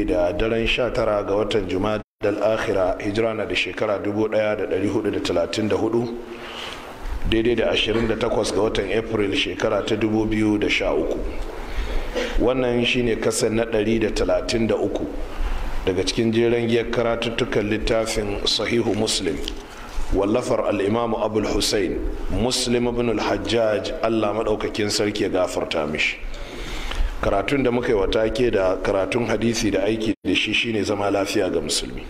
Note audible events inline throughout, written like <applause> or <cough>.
da daren 19 ga watan juma'a akhira hijira na da shekara 1434 daidai da 28 ga watan april shekara ta 2013 wannan shine kasan na 133 daga cikin jeren giyar karatuttukan littafin sahihu muslim wallafar al'imamu abul hussein muslim ibn al-hajjaj allah maɗaukakin sarki ya gafarta mishi karatun da muka yi wa take da karatun hadisi da aiki da shi shine zama lafiya ga musulmi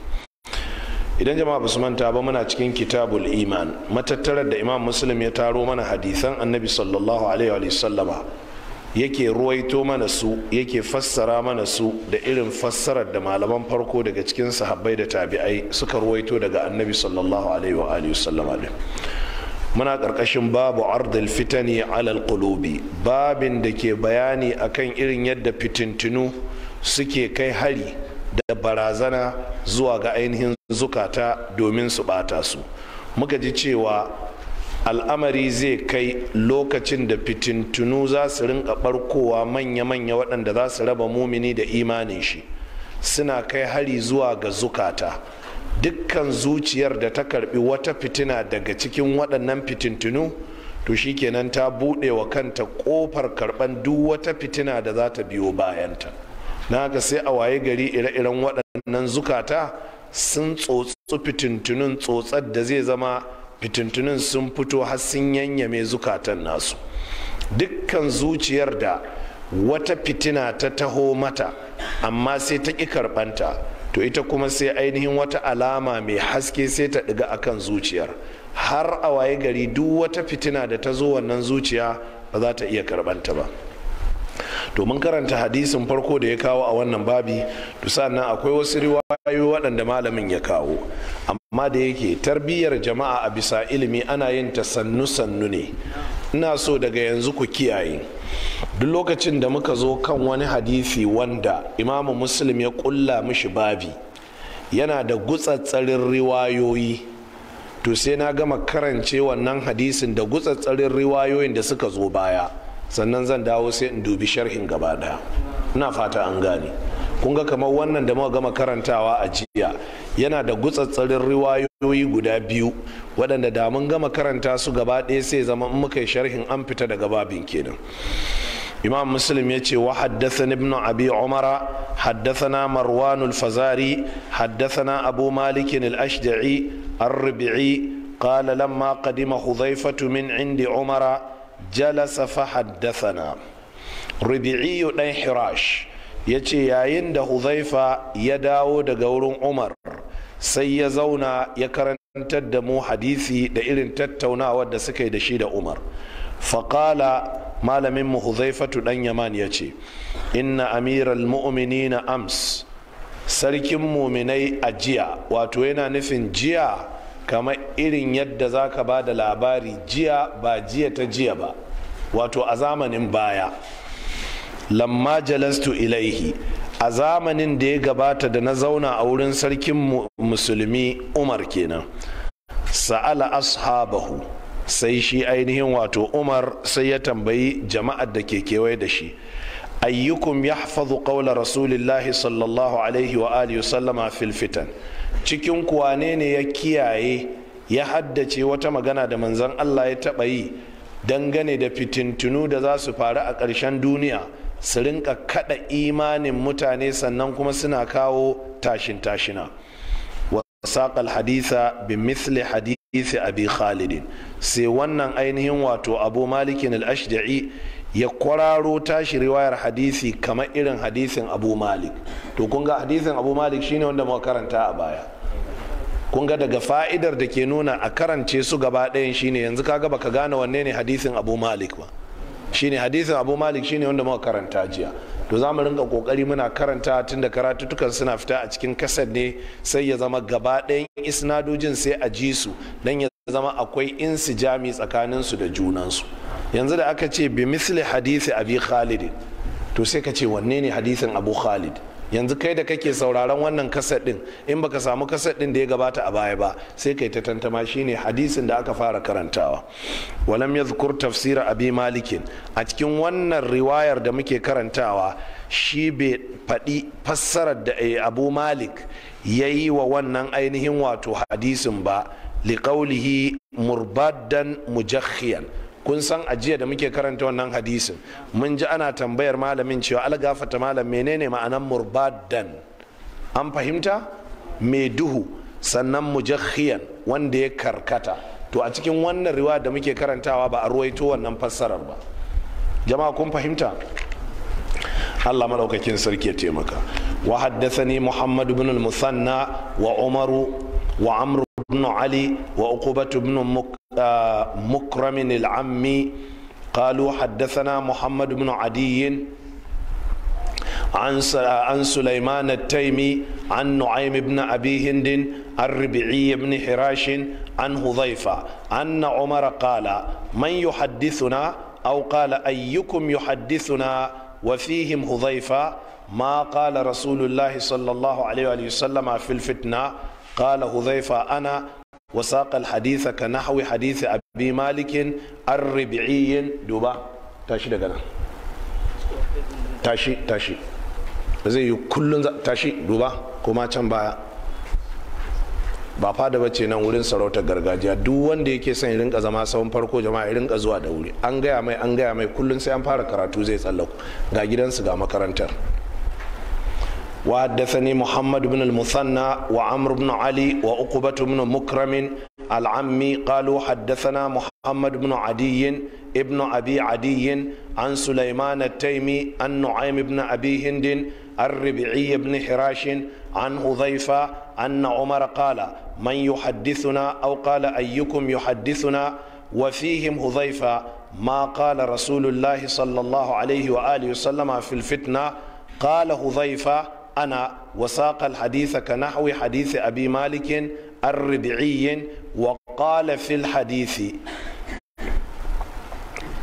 idan jama'a basu manta ba muna cikin kitabul iman matattarar da imam muslim ya taro mana hadisan annabi sallallahu alaihi wa sallama yake ruwaito mana su yake fassara mana su da irin fassarar da malaman farko daga cikin sahabbai da tabi'ai suka ruwaito daga annabi sallallahu alaihi wa sallama din muna ƙarƙashin babu ardil fitani alal kulubi babin da ke bayani akan irin yadda fitintinu suke kai hari da barazana zuwa ga ainihin zukata domin su bata su muka ji cewa al'amari zai kai lokacin da fitintunu za su rinka barkowa manya-manya waɗanda za su raba mumini da imanin shi suna kai hari zuwa ga zukata dukkan zuciyar da ta karbi wata fitina daga cikin waɗannan fitintunu to shikenan ta buɗe wa kanta ƙofar karɓan duk wata fitina da za ta biyo bayanta na ga sai a waye gari ire-iren waɗannan zukata sun tsotsu fitintunun tsotsar da zai zama fitintunun sun fito har sun yanyame zukatan nasu dukkan zuciyar da wata fitina ta taho mata amma sai ta ƙi karɓanta to ita kuma sai ainihin wata alama mai haske sai ta ɗiga akan zuciyar har a waye gari duk wata fitina da ta zo wannan zuciya ba za ta iya karɓanta ba to mun karanta hadisin farko da ya kawo a wannan babi to sannan akwai wasu riwayoyi waɗanda malamin ya kawo amma da yake tarbiyyar jama'a a bisa ilimi ana yin ta sannu sannu ne ina so daga yanzu ku kiyaye duk lokacin da muka zo kan wani hadisi wanda imamu muslim ya kulla mishi babi yana da gutsatsarin riwayoyi to sai na gama karance wannan hadisin da gutsatsarin riwayoyin da suka zo baya sannan zan dawo sai in dubi sharhin gaba daya ina fata an gane kun ga kamar wannan da muka gama karantawa a jiya yana da gutsatsarin riwayoyi guda biyu waɗanda da mun gama karanta su gaba ɗaya sai zama in muka yi sharhin an fita daga babin kenan imam muslim ya ce wa haddasa ibn abi umara haddasana marwan al-fazari na abu malik al-ashja'i ar-rabi'i huzaifatu min indi umara من عند haddasa na فحدثنا ربيعي dan hirash ya ce yayin da huzaifa ya dawo daga wurin umar sai ya zauna ya karantar da mu hadisi da irin tattaunawar da suka yi da shi da umar faƙala malamin mu huzaifatu ɗan yaman ya ce inna amiral na ams sarkin muminai a jiya wato yana nufin jiya kamar irin yadda za ka ba da labari jiya ba jiya ta jiya ba wato a zamanin baya lamma jalastu ilaihi a zamanin da ya gabata da na zauna a wurin sarkin musulmi umar kenan sa'ala ashabahu sai shi ainihin wato umar sai ya tambayi jama'ar da ke kewaye da shi ayyukum ya hafazu ƙaular rasulillahi sallallahu alaihi wa alihi sallama fil fitan cikin kuwane ne ya kiyaye ya haddace wata magana da manzan allah ya taɓa yi dangane da fitintunu da za su faru a ƙarshen duniya su rinka kada imanin mutane sannan kuma suna kawo tashin tashina haditha hadisa misli hadithi abi khalidin sai wannan ainihin wato Abu malikin al ya kwararo tashi riwayar hadisi kamar irin hadisin Abu Malik to kun ga hadisin Abu Malik shine wanda muka karanta a baya kun ga daga fa'idar da ke nuna a karance su gaba ɗayan shine yanzu kaga baka gane wanne ne hadisin Abu Malik ba shine hadisin abu malik shine wanda muka karanta jiya to za mu ringa kokari muna karanta tunda da karatutukan suna fita a cikin kasar ne sai ya zama gaba ɗayan isnadojin sai a ji su dan ya zama akwai insijami tsakanin su da junan su yanzu da aka ce bi misli hadisi abi khalid to sai ka ce wanne ne hadisin abu khalid yanzu kai da kake sauraron wannan kasar din in baka samu kasar din da ya gabata a baya ba sai kai ta tantama shine hadisin da aka fara karantawa walam yadhkur tafsira abi malikin a cikin wannan riwayar da muke karantawa shi bai faɗi fassarar da eh, abu malik ya yi wa wannan ainihin wato hadisin ba liƙaulihi murbadan mujakhiyan kun san ajiya da muke karanta wannan hadisin mun ji ana tambayar malamin cewa algafata malam menene ma'anan murbadan an fahimta mai duhu sannan mujakhiyan wanda ya karkata to a cikin wannan riwa da muke karantawa ba a ruwaito wannan fassarar ba jama'a kun fahimta Allah malaukakin sarki ya taimaka wa haddathani Muhammad ibn al-Musanna wa Umaru wa Amr بن علي وعقبة بن آه، مكرم العمي قالوا حدثنا محمد بن عدي عن سليمان التيمي عن نعيم بن أبي هند الربعي بن حراش عن هضيفة أن عمر قال من يحدثنا أو قال أيكم يحدثنا وفيهم هضيفة ما قال رسول الله صلى الله عليه وسلم في الفتنة قال huzaifa ana wa الحديث كنحو حديث ka مالك hau دوبا تاشي bi تاشي تاشي زي كل تاشي دوبا تنبا ba fada ba ce nan wurin sarautar gargajiya duk wanda yake son rinka zama sawon farko jama'a ya rinka zuwa da wuri an gaya mai an gaya mai kullun sai an fara karatu zai tsallaku ga gidansu ga makarantar وحدثني محمد بن المثنى وعمر بن علي وعقبة بن مكرم العمي قالوا حدثنا محمد بن عدي ابن أبي عدي عن سليمان التيمي عن نعيم بن أبي هند الربعي بن حراش عن هذيفة أن عمر قال من يحدثنا أو قال أيكم يحدثنا وفيهم هذيفة ما قال رسول الله صلى الله عليه وآله وسلم في الفتنة قال هذيفة أنا وساق الحديث كنحو حديث أبي مالك الربعي وقال في الحديث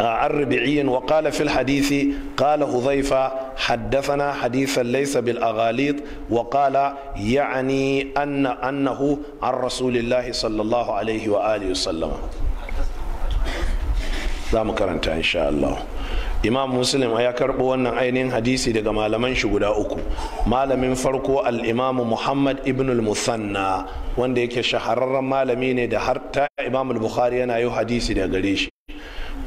الربعي وقال في الحديث قال هضيفة حدثنا حديثا ليس بالأغاليط وقال يعني أن أنه عن رسول الله صلى الله عليه وآله وسلم لا مكرنت إن شاء الله imam muslim ya karɓo wannan ainihin hadisi daga malaman shi guda uku malamin farko al'imamu muhammad ibn al-musanna wanda yake shahararren malami ne da har ta imam bukhari yana yi hadisi da gare shi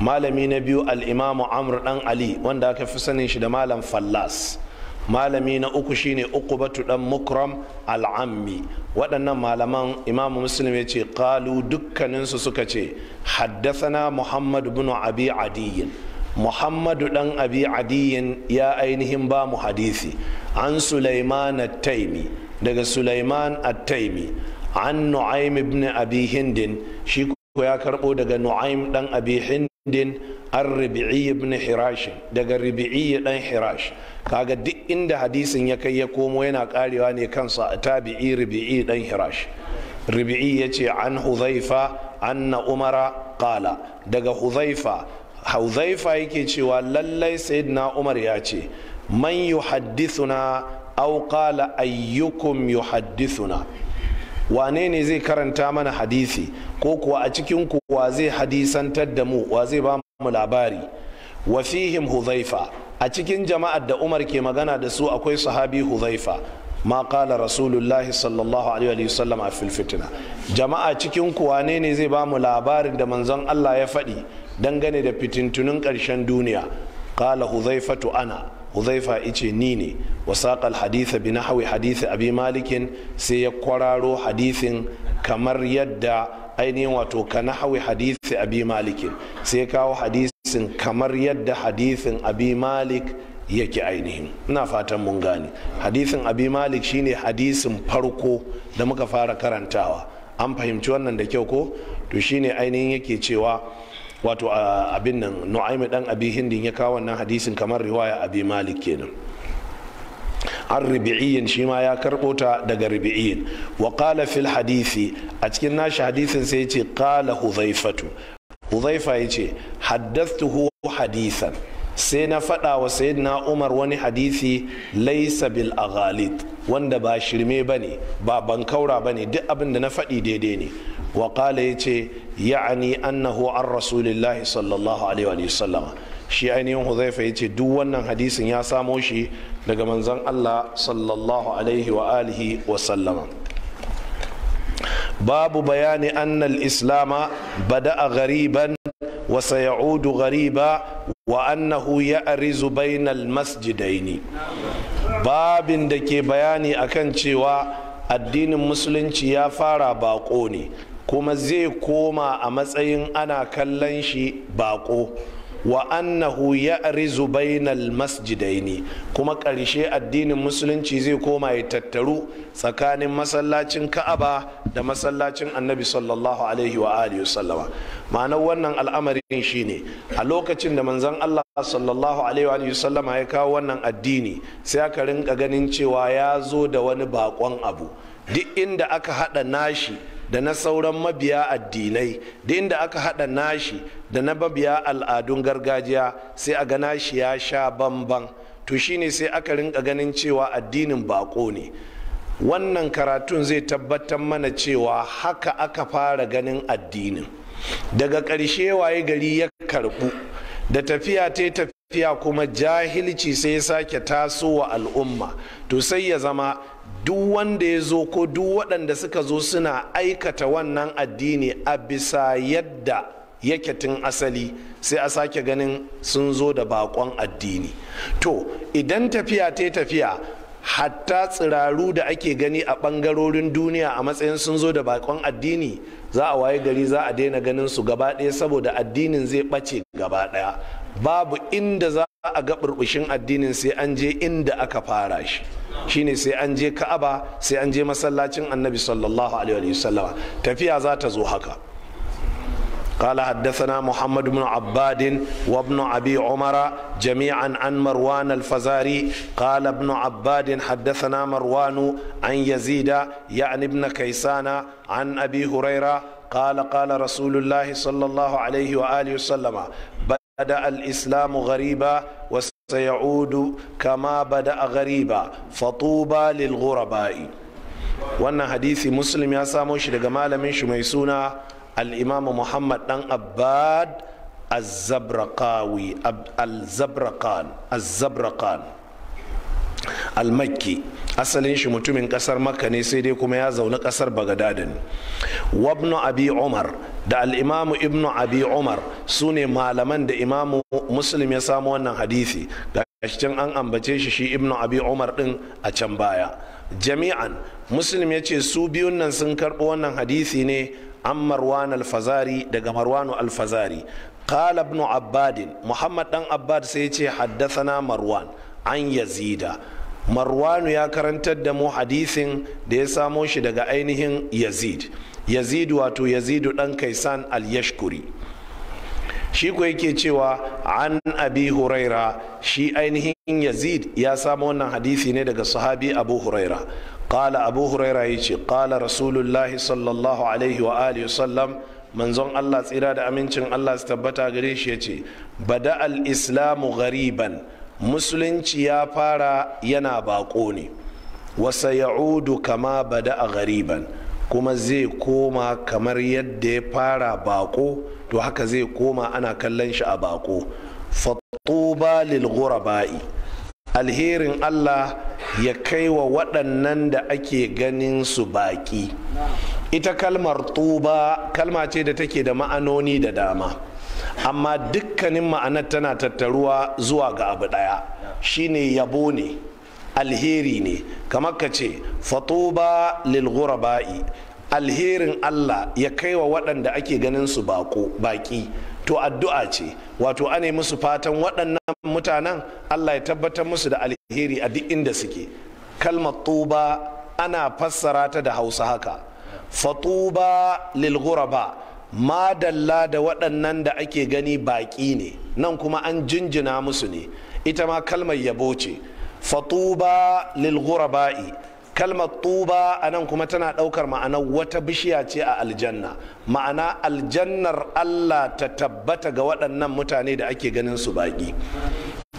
malami na biyu al'imamu amr dan ali wanda aka fi sanin shi da malam fallas malami na uku shine uqubatu dan mukram al'ammi waɗannan malaman imamu muslim ya ce kalu dukkaninsu suka ce haddasana muhammad bin abi adiyin muhammadu dan abi adiyin ya ainihin ba mu hadisi an sulaiman at-taimi daga sulaiman at-taimi an nu'aym ibn abi hindin shi ko ya karbo daga nu'aym dan abi hindin ar-rabi'i ibn hirash daga rabi'i dan hirash kaga duk inda hadisin ya kai ya komo yana karewa ne kansa a tabi'i rabi'i dan hirash rabi'i yace an huzaifa anna umara qala daga huzaifa hauzaifa yake cewa lallai sayyidina umar ya ce man yuhaddithuna aw qala ayyukum yuhaddithuna wane ne zai karanta mana hadisi ko kuwa a cikin kuwa zai hadisantar da mu wa zai ba mu labari wa fihim huzaifa a cikin jama'ar da umar ke magana da su akwai sahabi huzaifa ma qala rasulullahi sallallahu alaihi wa sallam a fil jama'a cikin wanene ne zai ba mu labarin da manzon Allah ya faɗi dangane da fitintunin karshen duniya kala huzaifatu ana huzaifa ice ni ne wa saqal haditha bi nahwi hadisi abi malikin sai ya kwararo hadisin kamar yadda ainihin wato ka nahwi hadisi abi malikin sai kawo hadisin kamar yadda hadisin abi malik yake ainihin ina fatan mun gane hadisin abi malik shine hadisin farko da muka fara karantawa an fahimci wannan da kyau ko to shine ainihin yake cewa wato abin nan nu'aimi dan abi hindin ya kawo wannan hadisin kamar riwaya abi malik kenan an ribi'iyin shi ma ya karɓo ta daga ribi'iyin wa qala fil hadisi a cikin nashi hadisin sai yace qala huzaifatu huzaifa yace haddathtuhu hadisan sai na faɗa wa sayyidina umar wani hadisi laisa bil aghalit wanda ba shirme ba ba bankaura ba duk abin da na faɗi daidai ne wa qala yace ya'ani annahu an rasulillah sallallahu alaihi wa sallama shi ainihin huzaifa yace duk wannan hadisin ya samo shi daga manzon Allah sallallahu alaihi wa alihi wa sallama babu bayani annal islama bada'a ghariban وسيعود غريبا وأنه يأرز بين المسجدين باب دكي بياني أكن شوى الدين المسلم يا فارا باقوني kuma zai koma a matsayin ana kallon shi bako wa annahu ya'rizu bainal masjidaini kuma ƙarshe addinin musulunci zai koma ya tattaru tsakanin masallacin Ka'aba da masallacin Annabi sallallahu alaihi wa alihi sallama ma'anar wannan al'amarin shine a lokacin da manzon Allah sallallahu alaihi wa alihi sallama ya kawo wannan addini sai aka rinka ganin cewa ya zo da wani bakon abu duk inda aka haɗa nashi da na sauran mabiya addinai da inda aka haɗa nashi da na mabiya al'adun gargajiya sai a ga nashi ya sha bamban to shine sai aka rinka ganin cewa addinin bako ne wannan karatun zai tabbatar mana cewa haka aka fara ganin addinin daga ƙarshe waye gari ya karɓu da tafiya ta tafiya lafiya kuma jahilci sai ya sake tasowa al'umma to sai ya zama duk wanda ya zo ko duk waɗanda suka zo suna aikata wannan addini a bisa yadda yake tun asali sai a sake ganin sun zo da bakon addini to idan tafiya ta tafiya hatta tsiraru da ake gani a ɓangarorin duniya a matsayin sun zo da bakon addini za a waye gari za a daina ganin su gaba ɗaya saboda addinin zai ɓace gaba ɗaya babu inda za a ga burbushin addinin sai an je inda aka fara shi shine sai an je ka'aba sai an je masallacin annabi sallallahu alaihi wasallama tafiya za ta zo haka قال حدثنا محمد بن عباد وابن أبي عمر جميعا عن مروان الفزاري قال ابن عباد حدثنا مروان عن يزيد يعني ابن كيسان عن أبي هريرة قال قال رسول الله صلى الله عليه وآله وسلم بدا الاسلام غريبا وسيعود كما بدا غريبا فطوبى للغرباء wannan hadisi muslim ya samo shi daga malamin shi mai suna al'imamu muhammad dan abbad al-zabrakan almakki asalin shi mutumin kasar makka ne sai dai kuma ya zauna kasar bagadadin wabnu abi umar da al'imamu ibnu abi umar su ne malaman da imamu muslim ya samu wannan hadisi can an ambace shi shi ibnu abi umar din a can baya jami'an muslim ya ce su biyun nan sun karɓi wannan hadisi ne an marwan alfazari daga marwanu alfazari Muhammad muhammad dan sai sai ya ce haddathana marwan an yazida marwanu ya karantar da mu hadisin da ya samo shi daga ainihin yazid yazid wato yazidu dan kaisan al-yashkuri shi ko yake cewa an abi huraira shi ainihin yazid ya samo wannan hadisi ne daga sahabi abu huraira qala abu huraira ce qala rasulullahi sallallahu alaihi wa alihi manzon Allah tsira da amincin Allah su tabbata gare shi yace bada al-islamu ban. musulunci ya fara yana bako ne wasa ya'udu kama bada a gariban kuma zai koma kamar yadda ya fara bako to haka zai koma ana kallon shi a bako ba lil ba'i. alherin Allah ya kai wa waɗannan da ake ganin su baƙi ita kalmar tuba kalma ce da take da ma'anoni da dama amma dukkanin ma'anar tana tattaruwa zuwa ga abu ɗaya ne yabo ne alheri ne kamar ka ce fatuba lil ba'i. alherin Allah ya kai wa waɗanda ake ganin su baƙi to addu'a ce wato ane musu fatan waɗannan mutanen Allah ya tabbatar musu da alheri a duk inda suke kalmar tuba ana fassara ta da hausa haka fatuba lilguraba ba. madalla da waɗannan da ake gani baƙi ne nan kuma an jinjina musu ne ita ma kalmar yabo ce fatuba lil ghuraba'i kalmar tuba a nan kuma tana ɗaukar ma'ana wata bishiya ce a aljanna ma'ana aljannar allah ta tabbata ga waɗannan mutane da ake ganin su baƙi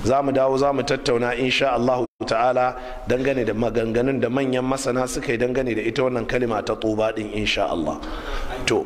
za mu dawo za mu tattauna insha Allah ta'ala dangane da maganganun da manyan masana suka yi dangane da ita wannan kalima ta tuba ɗin insha allah to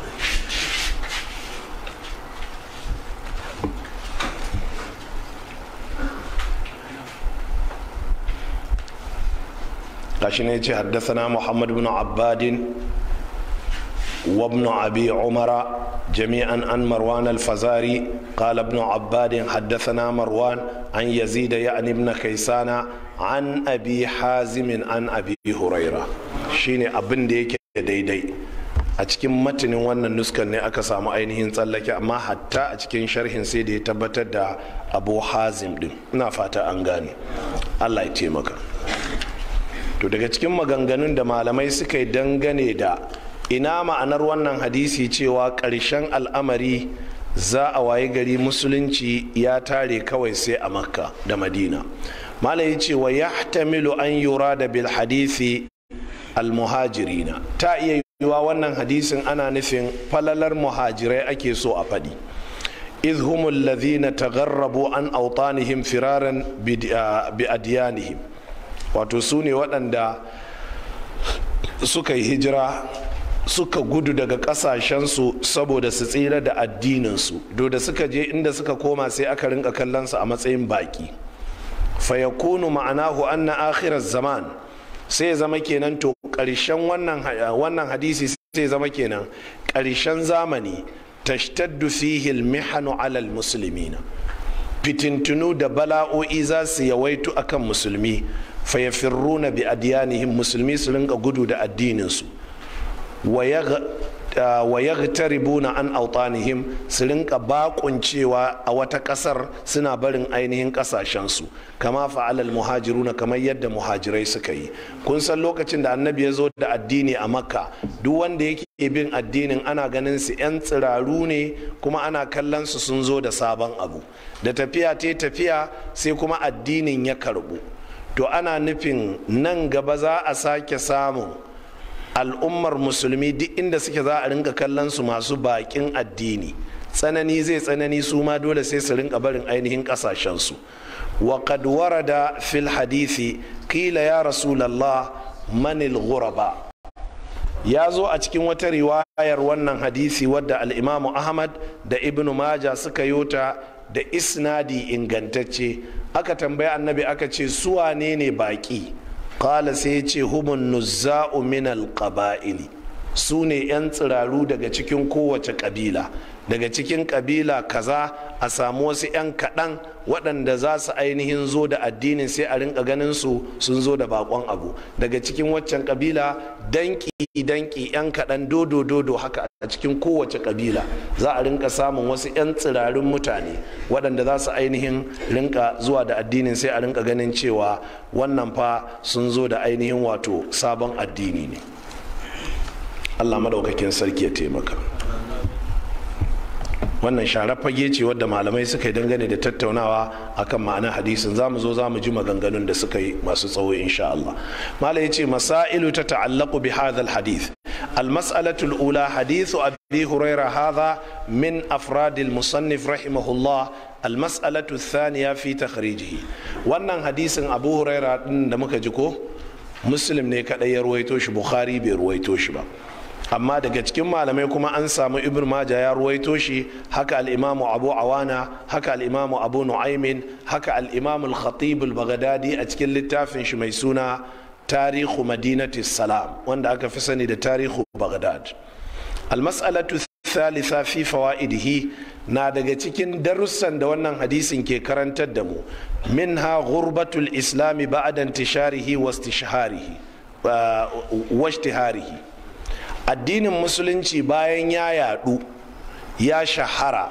gashi ne ce haddasa na muhammadu bin abadin wabnu abi umara jami'an an marwan alfazari kala bin abadin haddasa na marwan an yazi da ya anib na kai sana an abi hazimin an abi huraira shi ne abin da yake daidai a cikin matinin wannan nuskan ne aka samu ainihin tsallake amma hatta a cikin sharhin sai da ya tabbatar da abu hazim din na fata an gane. allah ya taimaka to daga cikin maganganun da malamai suka yi dangane da ina ma'anar wannan hadisi cewa ƙarshen al'amari za a waye gari musulunci ya tare kawai sai a makka da madina Malami ya ce wa yahtamilu an yura da bil hadisi almuhajirina ta iya yiwa wannan hadisin ana nufin falalar muhajirai ake so a faɗi izhumul humul ta tagharrabu an autanihim firaran bi ah, adiyanihim wato su ne waɗanda suka yi hijira suka gudu daga ƙasashensu saboda su tsira da addininsu do da suka je inda suka koma sai aka rinka kallonsu a matsayin baki fayakunu ma'anahu 'an na akhirar zaman sai zama kenan to ƙarshen wannan hadisi sai zama kenan ƙarshen zamani tashtaddu fihi mihanu alal musulmi. musulmina fitintunu da bala'o'i za su yawaitu akan musulmi fayafirruna bi adiyanihim musulmi su rinka gudu da addininsu wa yaghtaribuna an autanihim su rinka bakuncewa a wata kasar suna barin ainihin kasashensu kama fa'alal muhajiruna kamar yadda muhajirai suka yi kun san lokacin da annabi ya zo da addini a makka duk wanda yake bin addinin ana ganin su 'yan tsiraru ne kuma ana kallon su sun zo da sabon abu da tafiya ta tafiya sai kuma addinin ya karbu to ana nufin nan gaba za a sake samun al'ummar musulmi duk inda suke za a rinka kallon su masu bakin addini tsanani zai tsanani su ma dole sai su rinka barin ainihin kasashensu wa qad warada fil hadithi qila ya rasulallah manil ghuraba ya zo a cikin wata riwayar wannan hadisi wadda al'imamu ahmad da ibnu maja suka yota da isnadi ingantacce aka tambayi annabi aka ce suwa ne baki kala sai ce humun nuzza'u min alqaba'ili su ne 'yan tsiraru daga cikin kowace ƙabila daga cikin kabila kaza a samu wasu 'yan kaɗan waɗanda za su ainihin zo da addinin sai a rinka ganin su sun zo da baƙon abu daga cikin waccan kabila danki danki 'yan kaɗan dodo dodo haka a cikin kowace kabila za a rinka samun wasu 'yan tsirarin mutane waɗanda za su ainihin rinka zuwa da addinin sai a rinka ganin cewa wannan fa sun zo da ainihin wato sabon addini ne allah madaukakin sarki ya taimaka wannan shara fage ce wadda malamai suka yi dangane da tattaunawa akan ma'anar hadisin za mu zo za mu ji maganganun da suka yi masu tsawo insha Allah ya ce masailu ta ta'allaku bi hadha hadith almas'alatu alula hadithu abi huraira hadha min afradil musannif rahimahullah almas'alatu thaniya fi takhrijihi wannan hadisin abu huraira din da muka ji ko muslim ne kadai ya ruwaito shi bukhari bai ruwaito shi ba amma daga cikin malamai kuma an samu ibn maja ya ruwaito shi haka al'imamu abu awana haka al'imamu abu nu'aimin haka al'imamu al-khatib al-baghdadi a cikin littafin shi mai suna tarihu madinati salam wanda aka fi sani da tarihu baghdad al-mas'alatu thalitha fi fawaidihi na daga cikin darussan da wannan hadisin ke karantar da mu minha ghurbatul islami ba'da intisharihi wa ishtiharihi addinin musulunci bayan ya yadu ya shahara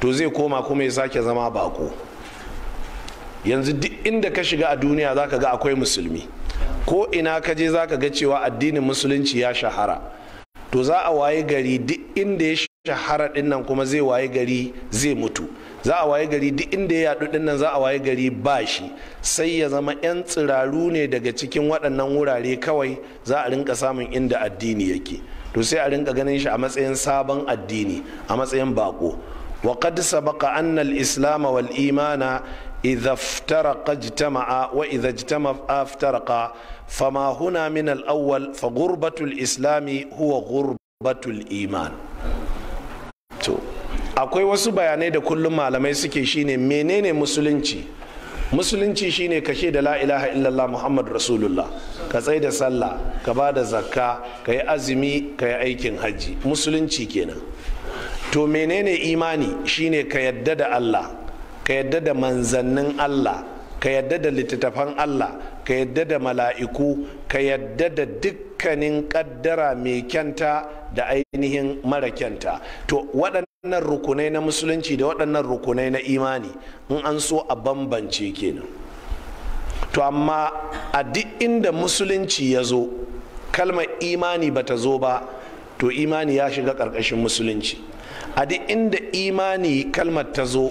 to zai koma kuma ya sake zama bako yanzu duk inda ka shiga a duniya zaka ga akwai musulmi ko ina ka je zaka ga cewa addinin musulunci ya shahara to za a waye gari duk inda ya shahara dinnan kuma zai waye gari zai mutu za a waye gari duk inda ya yaɗu dinnan za a waye gari ba shi sai ya zama 'yan tsiraru ne daga cikin waɗannan wurare kawai za a rinka samun inda addini yake to sai a rinka ganin shi a matsayin sabon addini a matsayin bako wa qad sabaqa anna al-islam wal imana idha iftaraqa ijtama'a wa idha ijtama'a iftaraqa fama huna min al-awwal fa gurbatul islami islam huwa gurbatul iman akwai wasu bayanai da kullum malamai suke shine menene musulunci musulunci shine kashe da la ilaha illallah muhammad rasulullah ka tsaye da sallah ka ba da zakka ka yi azumi ka yi aikin hajji musulunci kenan to menene imani shine ka yadda da allah ka yadda da manzannin allah ka yadda da littattafan allah ka yadda da mala'iku ka yadda da dukkanin kaddara mai kyanta da ainihin mara kyanta to waɗannan waɗannan rukunai na musulunci da waɗannan rukunai na imani in an so a bambance kenan to amma a duk inda musulunci ya zo kalmar imani bata zo ba to imani ya shiga ƙarƙashin musulunci a duk inda imani kalmar ta zo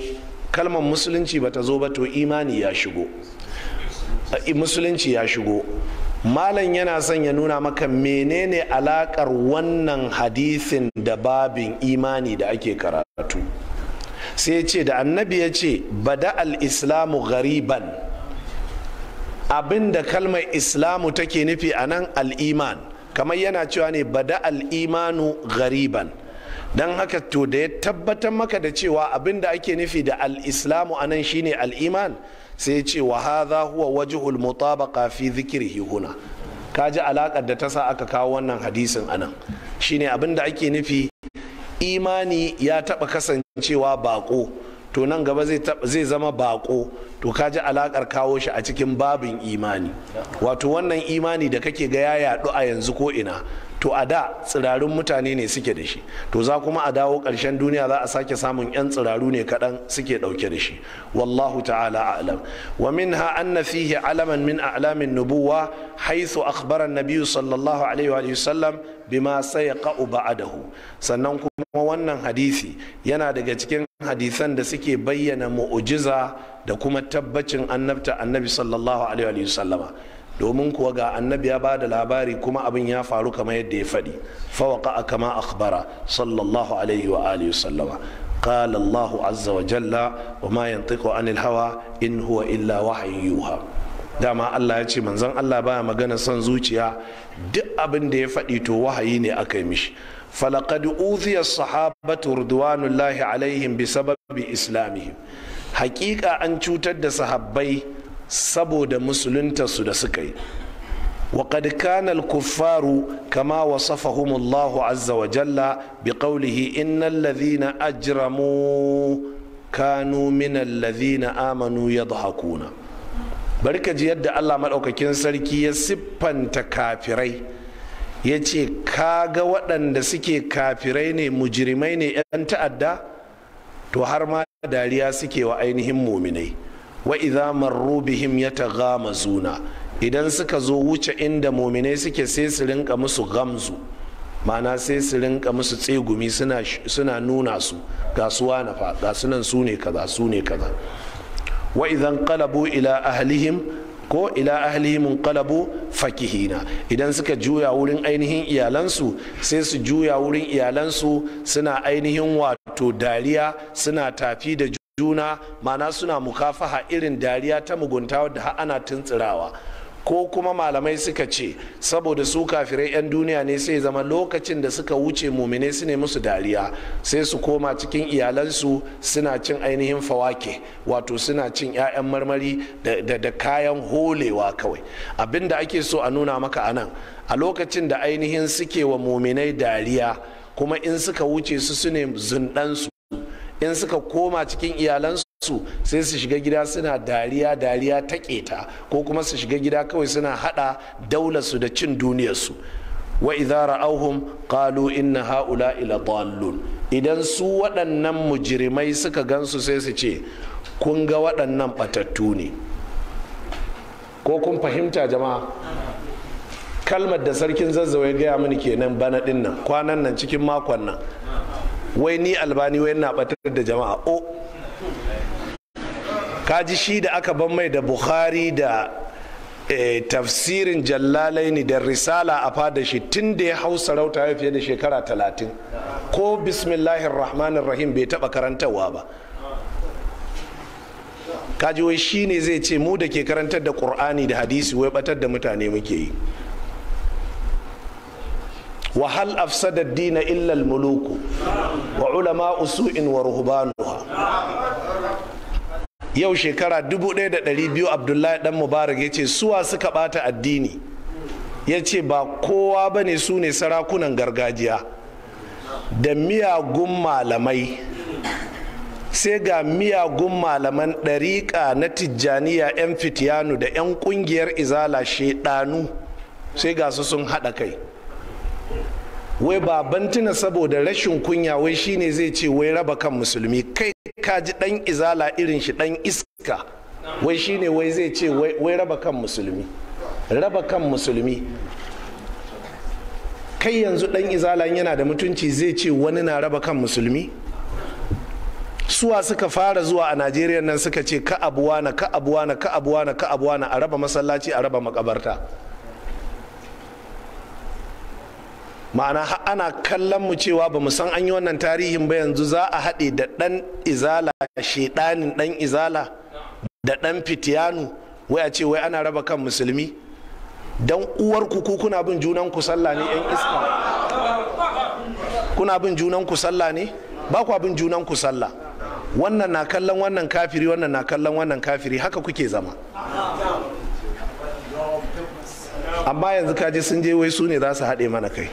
kalmar musulunci bata zo ba to imani ya shigo musulunci ya shigo malam yana son ya nuna maka menene alakar wannan hadisin da babin imani da ake karatu sai ce da annabi ya ce bada al-islamu gariban abinda kalmar islamu take nufi a nan iman kamar yana cewa ne bada al'imanu gariban don haka to da ya tabbatar maka da cewa abin da ake nufi da al'islamu a nan shine al al'iman sai ce wa haza huwa wajihul mutabaqa fi dhikrihi huna kaji alakar da ta sa aka kawo wannan hadisin anan shine abin da ake nufi imani ya taba kasancewa bako to nan gaba zai zama bako to kaji alakar kawo shi a cikin babin imani wato wannan imani da kake ga ya yadu a yanzu ko ina to a da tsirarun mutane ne suke da shi to za kuma a dawo ƙarshen duniya za a sake samun 'yan tsiraru ne kaɗan suke ɗauke da shi wallahu ta'ala a'lam wa minha anna fihi alaman min a'lamin nubuwa haisu akhbara an sallallahu alaihi wa sallam bima sayaqa'u ba'dahu sannan kuma wannan hadisi yana daga cikin hadisan da suke bayyana mu'ujiza da kuma tabbacin annabta annabi sallallahu alaihi wa sallama domin kuwa ga annabi ya ba da labari kuma abin ya faru kamar yadda ya faɗi fawaka a kama akbara sallallahu alaihi wa alihi sallama wa الله Wa ma وما ينطق عن الهوى in huwa illa وحي يوحى dama Allah ya ce manzon Allah baya magana son zuciya duk abin da ya faɗi to wahayi ne aka yi mishi falaqad udhiya sahabatu ridwanullahi alaihim bi sababi islamihim haƙiƙa an cutar da sahabbai saboda musuluntarsu da suka yi وقد كان الكفار كما وصفهم الله bi وجل بقوله إن الذين أجرموا كانوا من الذين آمنوا يضحكون barka ji yadda Allah maɗaukakin sarki ya siffanta kafirai yace kaga waɗanda suke kafirai ne mujirimai ne 'yan ta'adda to har ma dariya suke wa ainihin muminai wa idza marru bihim yataghamazuna idan suka zo wuce inda muminai suke sai su rinka musu gamzu ma'ana sai su rinka musu tsegumi suna nuna su ga su na fa ga su nan su ne kaza su ne kaza wa idan qalabu ila ahlihim ko ila ahlihim qalabu fakihina idan suka juya wurin ainihin iyalansu sai su juya wurin iyalansu suna ainihin wato dariya suna tafi da juna mana suna mukafaha irin dariya ta mugunta wadda ha'ana ana tuntsirawa ko kuma malamai suka ce saboda su kafirai 'yan duniya ne sai zama lokacin da suka wuce mumine su ne musu dariya sai su koma cikin iyalansu suna cin ainihin fawake wato suna cin 'ya'yan marmari da kayan holewa kawai abin da ake so a nuna maka a nan a lokacin da ainihin suke wa muminai dariya kuma in suka wuce su su ne zundansu in suka koma cikin iyalansu sai su shiga gida suna dariya dariya ta keta ko kuma su shiga gida kawai suna hada daularsu da cin duniyarsu wa idara ra'awhum kalu inna haula ila dallun idan su waɗannan mujirimai suka gansu sai su ce kun ga waɗannan batattu ne ko kun fahimta jama'a kalmar da sarkin zazzawa ya gaya mini kenan bana dinnan nan kwanan nan cikin makon nan wai ni albani wai na batar da jama'a o kaji shi da aka ban mai da bukhari da eh, tafsirin jallalaini da risala a fada shi tun da ya hau sarauta ya fiye da shekara talatin ko bismillahir rahmanir rahim bai taba karantarwa ba kaji wai shi ne zai ce mu da ke karantar da ƙur'ani da hadisi wai batar da mutane muke yi wa hal الدين dina الملوك muluku wa ulama yau shekara 1200 abdullahi dan mubarak ya ce suwa suka bata addini ya ce ba kowa ba ne su ne sarakunan gargajiya da miyagun malamai sai ga miyagun malaman ɗariƙa na tijjaniya 'yan fitiyanu da 'yan ƙungiyar izala shedanu sai ga su sun haɗa kai wai baban tuna saboda rashin kunya wai shine zai ce wai raba kan musulmi kai ka ji dan izala irin shi dan iska wai shine wai zai ce wai raba kan musulmi raba kan musulmi kai yanzu dan izala yana da mutunci zai ce wani na raba kan musulmi suwa suka fara zuwa a najeriya nan suka ce ka abuwana ka abuwana ka abuwana ka abuwana a raba masallaci a raba makabarta ma'ana ana kallon mu cewa ba mu san an yi wannan tarihin ba yanzu za a haɗe da ɗan izala shedanin ɗan izala da ɗan fitiyanu wai a ce wai ana raba kan musulmi don uwarku ku kuna bin junan ku sallah ne yan iska kuna bin junan ku sallah ne ba ku bin junan ku sallah wannan na kallon wannan kafiri wannan na kallon wannan kafiri haka kuke zama amma yanzu kaji sun je wai su ne za su haɗe mana kai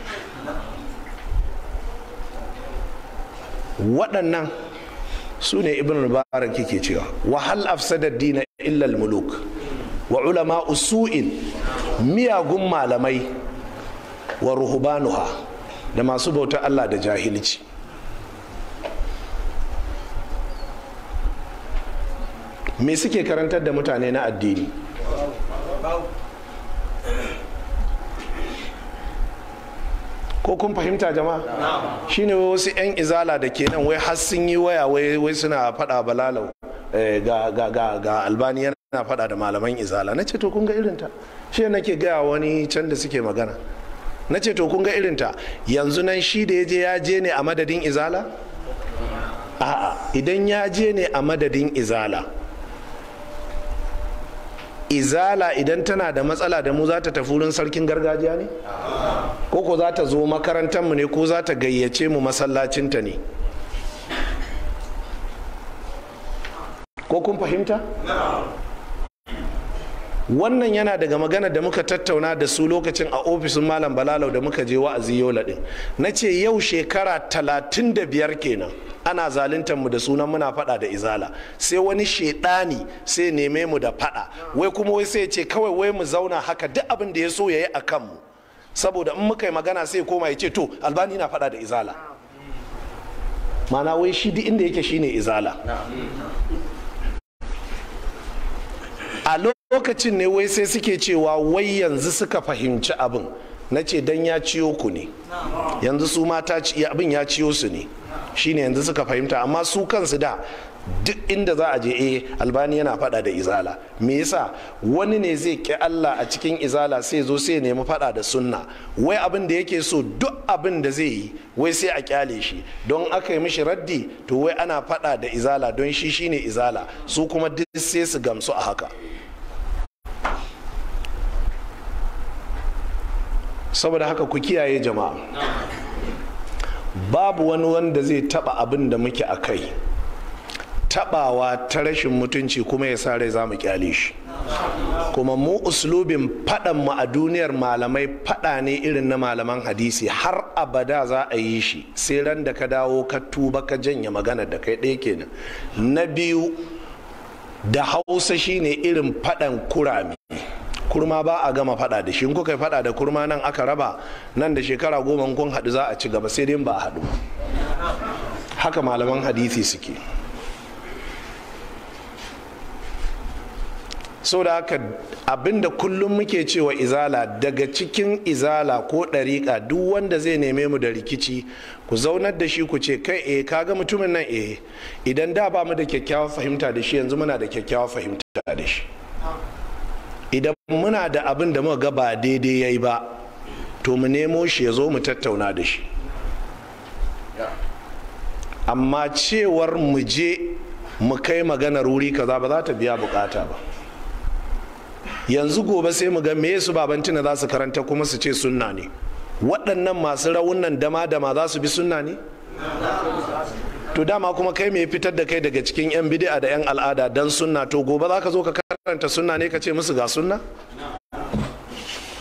waɗannan su ne ibn mubarak kike cewa wahal afsada dina illal muluk wa ulama usu'in miyagun malamai wa ruhubanuha da masu bauta Allah da jahilci me suke karantar da mutane na addini ko kun fahimta jama'a shine wasu 'yan izala da ke nan wai har sun yi waya wai suna fada balalau eh, ga albani yana fada da malaman izala na ce to kun ga irinta shi nake gaya wani can da suke magana na ce to kun ga irinta yanzu nan shi da ya je ya je ne a madadin izala a'a idan ya je ne a madadin izala izala idan tana da matsala da mu za ta tafi wurin sarkin gargajiya ne ko ko za ta zo makarantar mu ne ko za ta gayyace mu masallacinta ne ko kun fahimta wannan yana daga magana da muka tattauna da su lokacin a ofishin malam balalau da muka je wa'azi yola din na ce yau shekara talatin da biyar kenan ana zaluntar mu da sunan muna fada da izala sai wani shedani sai neme mu da fada wai kuma wai sai ce kawai wai mu zauna haka duk abin da ya so ya yi a kanmu saboda in muka yi magana sai koma ya ce to albani na fada da izala mana wai shi duk inda yake shine izala a lokacin ne wai sai suke cewa wai yanzu suka fahimci abin na ce dan ya ciyo ku ne yanzu su mata abin ya ciyo su ne shine yanzu suka fahimta amma su kansu da duk inda za a je eh albani yana fada da izala me yasa wani ne zai ki Allah a cikin izala sai zo sai nemi fada da sunna wai abin da yake so duk abin da zai yi wai sai a kyale shi don aka yi mishi raddi to wai ana fada da izala don shi shine izala su kuma duk sai su gamsu a haka saboda haka ku kiyaye jama'a babu wani wanda zai taba abin da muke a kai tabawa ta rashin mutunci kuma ya sa rai za mu kyale shi kuma mu uslubin faɗan mu a duniyar malamai faɗa ne irin na malaman hadisi har abada za a yi shi sai ran da ka dawo ka tuba ka janye magana da kai ɗaya kenan na biyu da hausa shine irin faɗan kurame kurma ba a gama fada da shi kuka fada da kurma nan aka raba nan da shekara goma kun haɗu za a ci gaba sai dai ba a haɗu haka malaman hadisi suke so da haka abinda kullum muke cewa izala daga cikin izala ko ɗariƙa duk wanda zai neme mu da rikici ku zaunar da shi ku ce kai eh kaga mutumin nan eh idan da ba mu da kyakkyawar fahimta da shi yanzu muna da kyakkyawar fahimta da shi idan muna da abin da muka ga ba daidai yayi ba to mu nemo shi ya zo mu tattauna da shi amma cewar mu je mu kai maganar wuri kaza ba za ta biya bukata ba yanzu gobe sai mu ga me su Baban tuna za su karanta kuma su ce sunna ne waɗannan masu raunan dama-dama za su bi sunna ne to dama kuma kai mai fitar da kai daga cikin yan bidi'a da yan al'ada dan sunna to gobe za ka zo ka karanta sunna ne ka ce musu ga sunna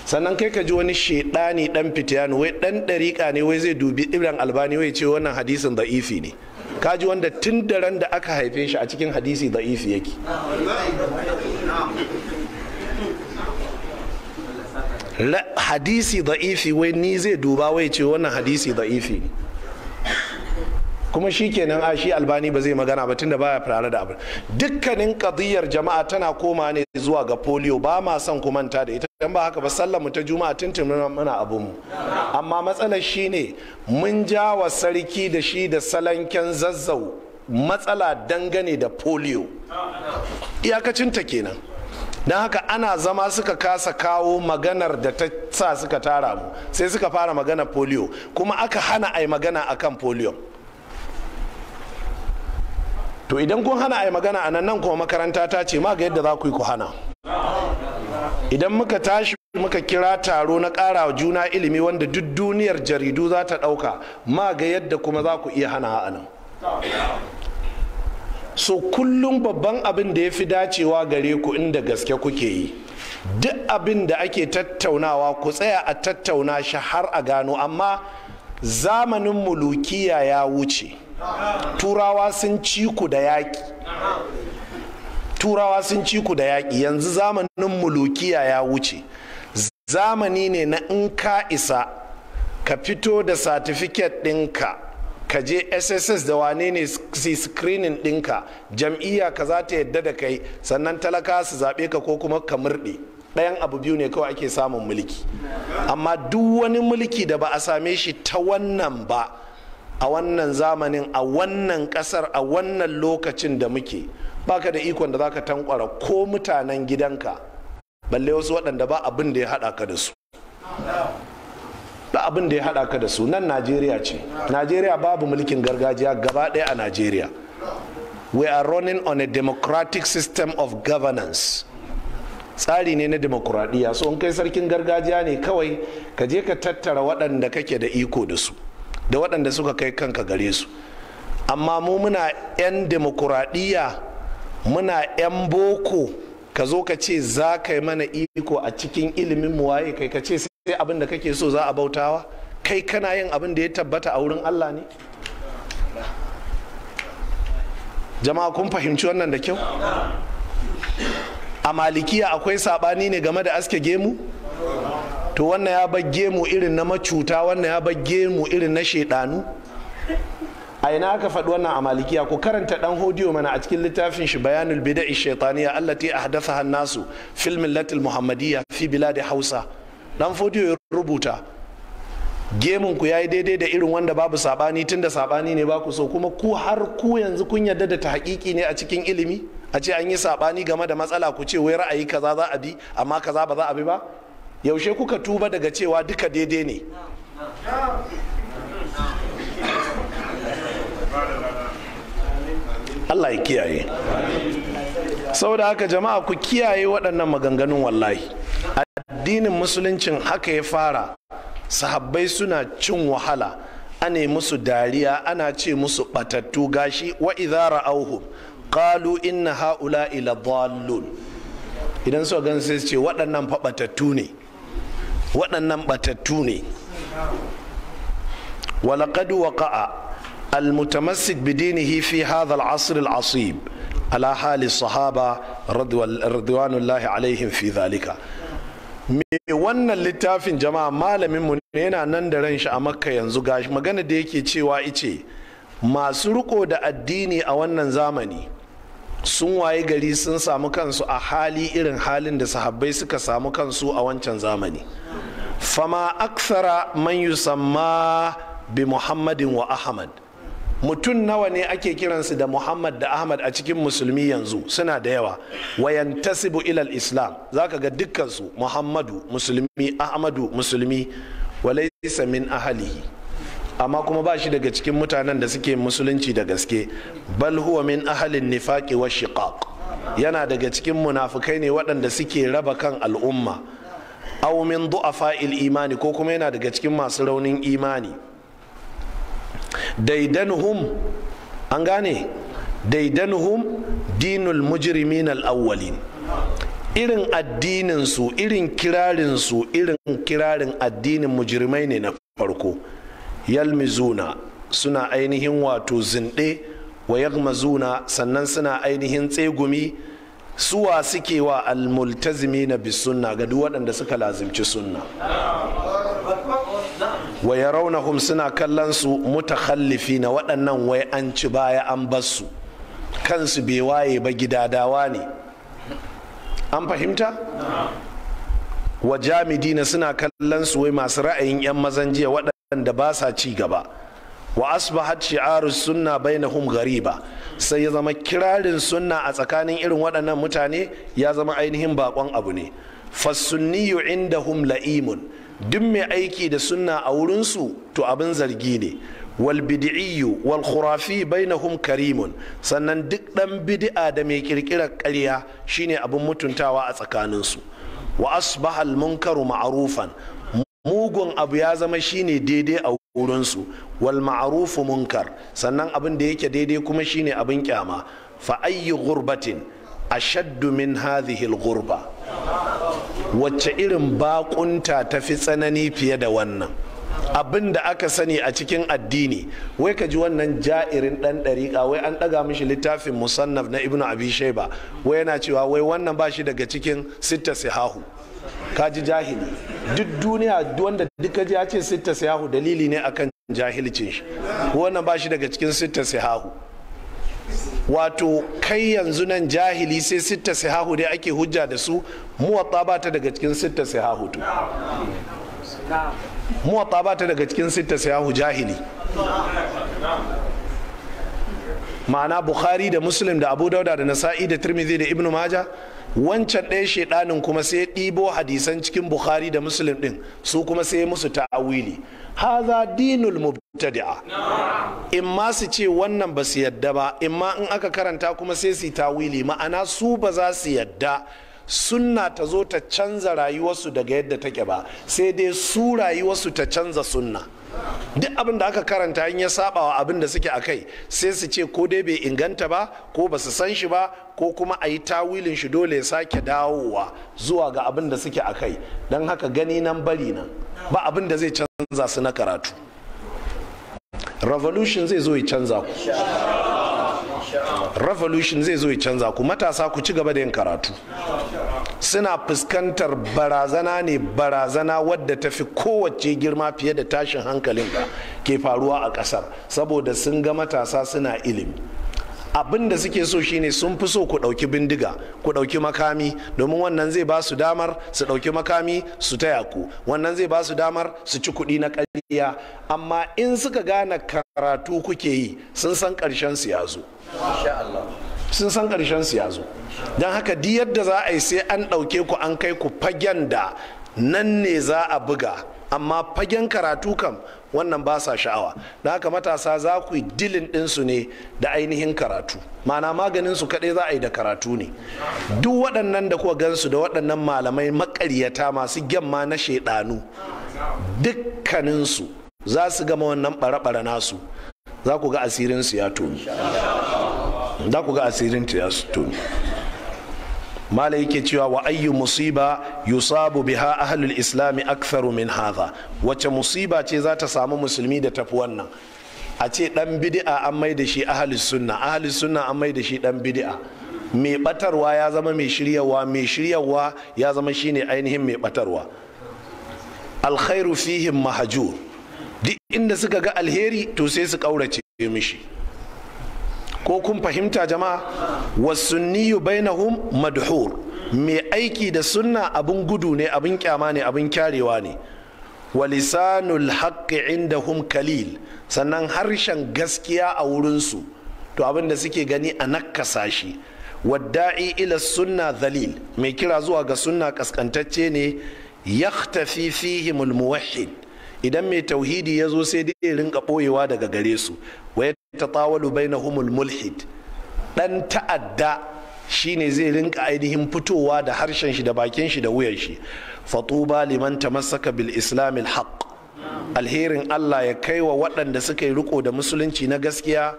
sannan kai ka ji wani shedani dan fitiyanu wai dan dariƙa ne wai zai dubi ibran albani wai ce wannan hadisin da'ifi ne ka ji wanda tun da ran da aka haife shi a cikin hadisi da'ifi yake hadisi da'ifi wai ni zai duba wai ce wannan hadisi da'ifi ne kuma shi kenan a shi albani ba zai magana ba tunda baya fara da abin dukkanin kadiyar jama'a tana koma ne zuwa ga polio ba ma son ku manta da ita dan ba haka ba sallamu ta juma'a tuntun muna abun mu amma matsalar shi ne mun ja wa sarki da shi da salanken zazzau matsala dangane da polio iyakacinta kenan don haka ana zama suka kasa kawo maganar da ta sa suka tara mu sai suka fara magana polio kuma aka hana a yi magana akan polio to idan kun hana a yi magana a nan nan kuma makaranta ta ce ma ga yadda za ku yi ku hana idan muka tashi muka kira taro na ƙara wa juna ilimi wanda duk duniyar jaridu za ta ɗauka ma ga yadda kuma za ku iya hana a nan so kullum babban abin da ya fi dacewa gare ku inda gaske kuke yi duk abin da ake tattaunawa ku tsaya a tattauna shi har a gano amma zamanin mulukiya ya wuce turawa sun ci ku da yaƙi turawa sun ci ku da yaƙi yanzu zamanin mulukiya ya wuce zamani ne na in ka isa ka fito da satifiket ɗinka ka je sss da wane ne si screening ɗinka jam'iyya ka za ta yadda da kai sannan talaka su zaɓe ka ko kuma ka murɗe ɗayan abu biyu ne kawai ake samun mulki amma duk wani mulki da ba a same shi ta wannan ba a wannan zamanin a wannan kasar a wannan lokacin da muke baka da ikon da zaka tankwara ko mutanen gidanka balle wasu waɗanda ba abin da ya haɗa ka da su ba abin da ya haɗa ka da su nan najeriya ce najeriya babu mulkin gargajiya gaba ɗaya a najeriya we are running on a democratic system of governance tsari ne na demokuraɗiyya so in kai sarkin gargajiya ne kawai ka je ka tattara waɗanda kake da iko da su da waɗanda suka kai kanka gare su amma mu muna 'yan demokuraɗiyya muna 'yan boko ka zo ka ce za ka yi mana iko a cikin ilimin mu waye kai ka ce sai abin da kake so za a bautawa kai kana yin abin da ya tabbata a wurin allah ne jama'a kun fahimci wannan da kyau a malikiya akwai saɓani ne game da aske gemu to wannan ya bagge mu irin na macuta wannan ya bagge mu irin na shaidanu a ina aka faɗi wannan a malikiya ku karanta dan hodiyo mana a cikin littafin shi bayanul bida'i shaitaniya allati ahdathaha nasu fil millatil muhammadiyya fi Bila da hausa dan hodiyo ya rubuta gemun ku yi daidai da irin wanda babu sabani tunda sabani ne ba ku so kuma ku har ku yanzu kun yarda da ta hakiki ne a cikin ilimi a ce an yi sabani game da matsala ku ce wai ra'ayi kaza za a bi amma kaza ba za a bi ba yaushe kuka tuba daga cewa duka daidai ne Allah ya kiyaye saboda haka jama'a ku kiyaye waɗannan maganganun wallahi addinin musuluncin haka ya fara sahabbai suna cin wahala ane musu dariya ana ce musu batattu gashi wa idara auhum Kalu, inna haula ila idan so gan sai ce waɗannan fa batattu ne waɗannan batattu ne walaƙadu waƙa'a almutamassik bidinihi fi hadha al'asr al'asib ala hali sahaba radiwanullahi alaihim fi zalika me wannan littafin jama'a malamin mu yana nan da ranshi a makka yanzu gashi magana da yake cewa ice masu riƙo da addini a wannan zamani sun waye gari sun samu kansu a hali irin halin da sahabbai suka samu kansu a wancan zamani fama aksara man yusamma bi muhammadin wa ahmad mutum nawa ne ake kiransu da muhammad da ahmad a cikin musulmi yanzu suna da yawa wayan tasibu ilal islam zaka ga dukkansu muhammadu musulmi ahmadu musulmi walaisa min ahalihi amma kuma ba shi daga cikin mutanen da suke musulunci da gaske bal huwa min ahalin nifaqi wa shiqaq yana daga cikin munafukai ne waɗanda suke raba kan al'umma aw min du'afa imani ko kuma yana daga cikin masu raunin imani daidanhum an gane daidanhum dinul mujrimin al-awwalin irin addinin su irin kirarin su irin kirarin addinin mujrimai ne na farko yalmizuna suna ainihin wato zinɗe wa yagmazuna sannan suna ainihin tsegumi suwa suke wa almultazimi na bisunna ga duk waɗanda suka lazimci sunna wa yarawnahum suna kallon su mutakhallifi na waɗannan wai an ci baya an basu kansu bai waye ba gidadawa ne an fahimta wa jami'ina suna kallon su wai masu ra'ayin 'yan mazan jiya da ba sa ci gaba wa asbahat shi'aru sunna bainahum ghariba sai ya zama kirarin sunna a tsakanin irin waɗannan mutane ya zama ainihin bakon abu ne fasunniyu indahum la'imun duk mai aiki da sunna a wurinsu to abin zargi ne wal bid'iyyu wal khurafi bainahum karimun sannan duk dan bid'a da mai kirkirar ƙarya shine abin mutuntawa a tsakaninsu wa asbaha al munkaru ma'rufan mugun abu ya zama shine daidai a wurinsu wal ma'arufu munkar sannan abin da yake daidai kuma shine abin kyama fa gurbatin ghurbatin ashaddu min hadhihi ghurba wacce irin bakunta ta fi tsanani fiye da wannan abin da aka sani a cikin addini wai ka ji wannan ja'irin dan ɗariƙa wai an ɗaga mishi littafin musannaf na ibnu abi shaiba wai yana cewa wai wannan ba shi daga cikin sitta sihahu Kaji jahili duk duniya wanda duka ji ya ce sitta siyahu dalili ne akan jahilcin shi wannan ba shi daga cikin sitta siyahu wato kai yanzu nan jahili sai sitta siyahu dai ake hujja da su muwatta ba ta daga cikin sitta siyahu to muwatta ba ta daga cikin sitta siyahu jahili ma'ana bukhari da muslim da abu dauda da nasa'i da tirmidhi da ibnu maja wancan ɗaya shaidanin kuma sai ya ɗibo hadisan cikin bukhari da muslim ɗin su kuma sai ya musu ta'awili haza dinul mubtadi'a in ma su ce wannan ba su yadda ba in ma in aka karanta kuma sai su ta'awili ma'ana su ba za su yadda sunna ta zo ta canza rayuwarsu daga yadda take ba sai dai su rayuwarsu ta canza sunna duk abin da aka karanta in ya saba wa abin da suke a kai sai su ce ko dai bai inganta ba ko ba su san shi ba ko kuma a yi tawilin shi dole ya sake dawowa zuwa ga abin da suke a kai don haka gani nan bari nan ba abin da zai canza su na karatu revolution zai zo ya canza ku revolution zai zo ya canza ku matasa ku ci gaba da yin karatu suna fuskantar barazana ne barazana wadda ta fi kowace girma fiye da tashin hankalin ke faruwa a ƙasar saboda sun ga matasa suna ilimi abin da suke so shine sun fi so ku ɗauki bindiga ku ɗauki makami domin wannan zai ba su damar su ɗauki makami su taya ku wannan zai ba su damar su ci kuɗi na ƙarya amma in suka gane karatu kuke yi sun san ƙarshen su ya sun san ƙarshen su ya don haka di yadda za a yi sai an ɗauke ku an kai ku fagen da nan ne za a buga amma fagen karatu kam wannan ba sa sha'awa da haka matasa za ku yi dilin ɗinsu ne da ainihin karatu mana maganin su kaɗai za a yi da karatu ne duk waɗannan da kuwa gansu da waɗannan malamai maƙaryata masu gyamma na shaiɗanu dukkaninsu za su gama wannan ɓare-ɓare nasu za ku ga asirinsu za ku ga asirin su ya tuni malai yake cewa wa ayyu musiba yusabu biha ahlul islami aktharu min hadha wace musiba ce za ta samu musulmi da tafi wannan a ce dan bid'a an mai da shi ahlus sunna ahlus sunna an mai da shi dan bid'a mai batarwa ya zama mai shiryawa mai shiryawa ya zama shine ainihin mai batarwa alkhairu fihim mahajur duk inda suka ga alheri to sai su kaurace mishi ko kun fahimta jama'a baina hum madhur mai aiki da sunna abin gudu ne abin kyama ne abin kyarewa ne walisanul haqqi indahum kalil sannan harshen gaskiya a wurinsu to abin da suke gani a nakasa shi wadda'i ila sunna zalil mai kira zuwa ga sunna kaskantacce ne yaktafi fihimul muwahhid idan mai tauhidi ya zo sai dai rinka ɓoyewa daga gare su wa ya na Humul mulhid Ɗan ta'adda shi ne zai rinka ainihin fitowa da harshen shi da bakin shi da wuyan shi fatuba liman masaka bil islamil haq. alherin Allah ya kai wa waɗanda suka yi riko da musulunci na gaskiya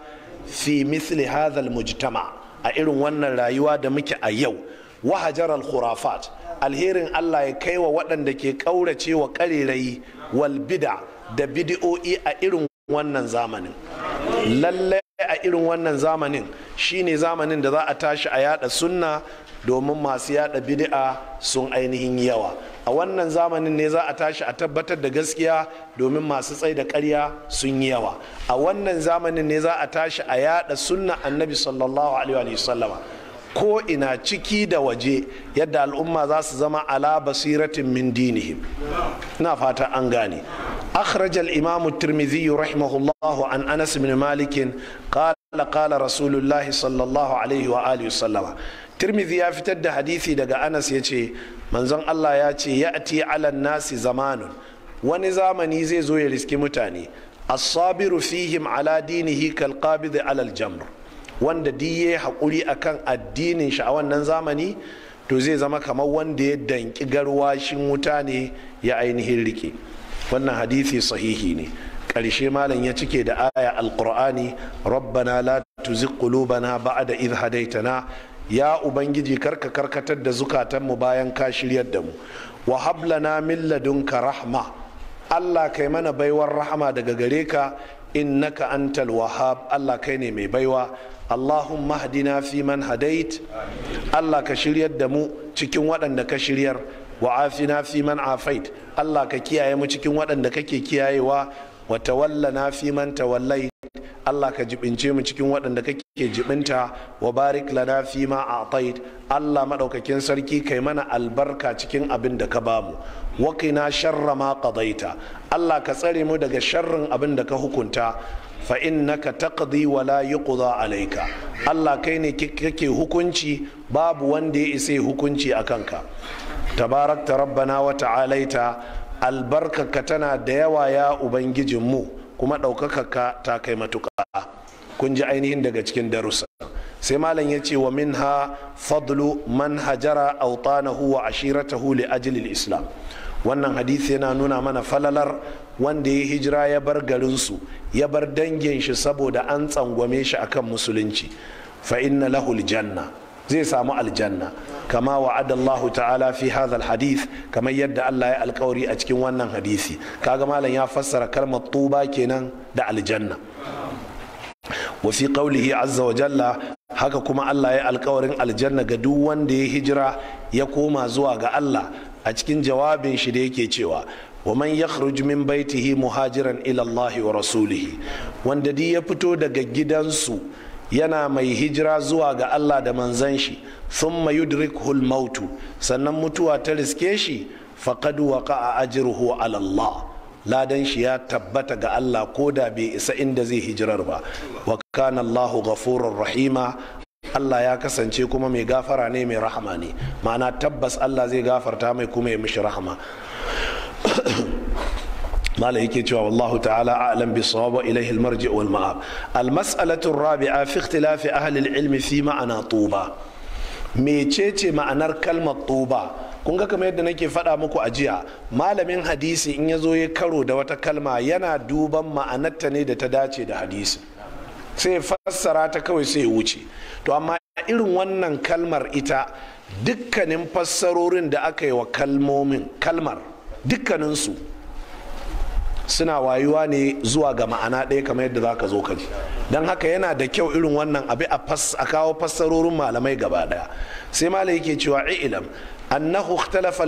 fi misli hadhal mujtama a irin wannan rayuwa da muke a yau wahajar al-khurafat alherin Allah ya kai wa waɗanda ke ƙaurace wa ƙarerayi Walbida da bidiyo'i a irin wannan zamanin lallai a irin wannan zamanin shine zamanin da za a tashi a yada sunna domin masu yada bidi'a sun ainihin yawa a wannan zamanin ne za a tashi a tabbatar da gaskiya domin masu tsai da karya sun yi yawa a wannan zamanin ne za a tashi a yada sunna annabi sallallahu alaihi wa sallama ko ina ciki da waje yadda al'umma za su zama ala basiratin min dinihim ina fata an gane akhraj al-imam at-tirmidhi an anas bin malik qala qala rasulullahi sallallahu alaihi wa alihi sallama tirmidhi ya fitar da hadisi daga anas yace manzon Allah ya ce ya'ti ala nasi zamanun wani zamani zai zo ya riski mutane as-sabiru fihim ala dinihi kal qabid ala al-jamr wanda di ya haƙuri akan addinin shi a wannan zamani to zai zama kamar wanda ya danki garwashin wuta ne ya ainihin rike wannan hadisi sahihi ne ƙarshe malam ya cike da aya alƙur'ani rabbana la tuzigh qulubana ba'da idh na. ya ubangiji karka karkatar da zukatanmu bayan ka shiryar da mu wa hablana min ladunka rahma Allah kai mana baiwar rahama daga gare ka innaka antal wahab Allah kai ne mai baiwa Allahumma hadina fi man hadait Allah ka shiryar da mu cikin waɗanda ka shiryar wa afina fi man afait Allah ka kiyaye mu cikin waɗanda kake kiyayewa walla na fi man tawallai Allah ka jibince mu cikin waɗanda kake jibinta wa barik lana fi ma a'tait Allah madaukakin sarki kai mana albarka cikin abin da ka bamu wa qina sharra ma qadaita Allah ka tsare mu daga sharrin abin da ka hukunta fa innaka taqdi wa la yuqda alayka Allah kai ne kake hukunci babu wanda ya isa hukunci a kanka tabarakta rabbana wa ta'alaita albarkaka tana da yawa ya ubangijinmu kuma ɗaukakaka ta kai matuƙa kun ji ainihin daga cikin darussa sai malam ya ce wa min ha fadlu man hajara autanahu wa ashiratahu li ajlil islam wannan hadisi yana nuna mana falalar wanda ya hijira ya bar garinsu ya bar dangin shi saboda an tsangwame shi akan musulunci fa inna lahul janna zai samu aljanna kama wa'adallahu ta'ala fi hadha alhadith kamar yadda Allah ya alkawari a cikin wannan hadisi kaga malam ya fassara kalmar tuba kenan da aljanna wa fi qawlihi azza wa jalla haka kuma Allah ya alkawarin aljanna ga duk wanda ya hijira ya koma zuwa ga Allah a cikin jawabin shi da yake cewa Wa ومن يخرج من بيته مهاجرا إلى الله ورسوله ya يفتو daga gidansu yana mai hijira zuwa ga Allah da manzan shi yudrik hul mautu sannan mutuwa ta riske shi faqad a ajruhu huwa alallah ladan shi ya tabbata ga Allah ko da bai isa inda zai hijirar ba wa kana Allahu ghafurur rahima Allah ya kasance kuma mai gafara ne mai rahama ne ma'ana tabbas Allah zai gafarta mai kuma ya mishi rahama <coughs> mala yake cewa wallahu ta'ala a'lam bi sawaba ilayhi al-marji wal ma'ab al-mas'alatu rabia fi ikhtilafi ahli al-ilm fi ma'ana tuba mecece ma'anar kalmar tuba kun ga kamar yadda nake faɗa muku a jiya malamin hadisi in ya zo ya karo da wata kalma yana duban ma'anarta ne da ta dace da hadisi sai fassara ta kawai sai wuce to amma irin wannan kalmar ita dukkanin fassarorin da aka yi wa kalmomin kalmar dukkaninsu suna wayuwa ne zuwa ga ma'ana ɗaya kamar yadda za ka zo ka ji don haka yana da kyau irin wannan abi a kawo fassarorin malamai gaba ɗaya sai malai yake cewa ilam annahu ikhtalafa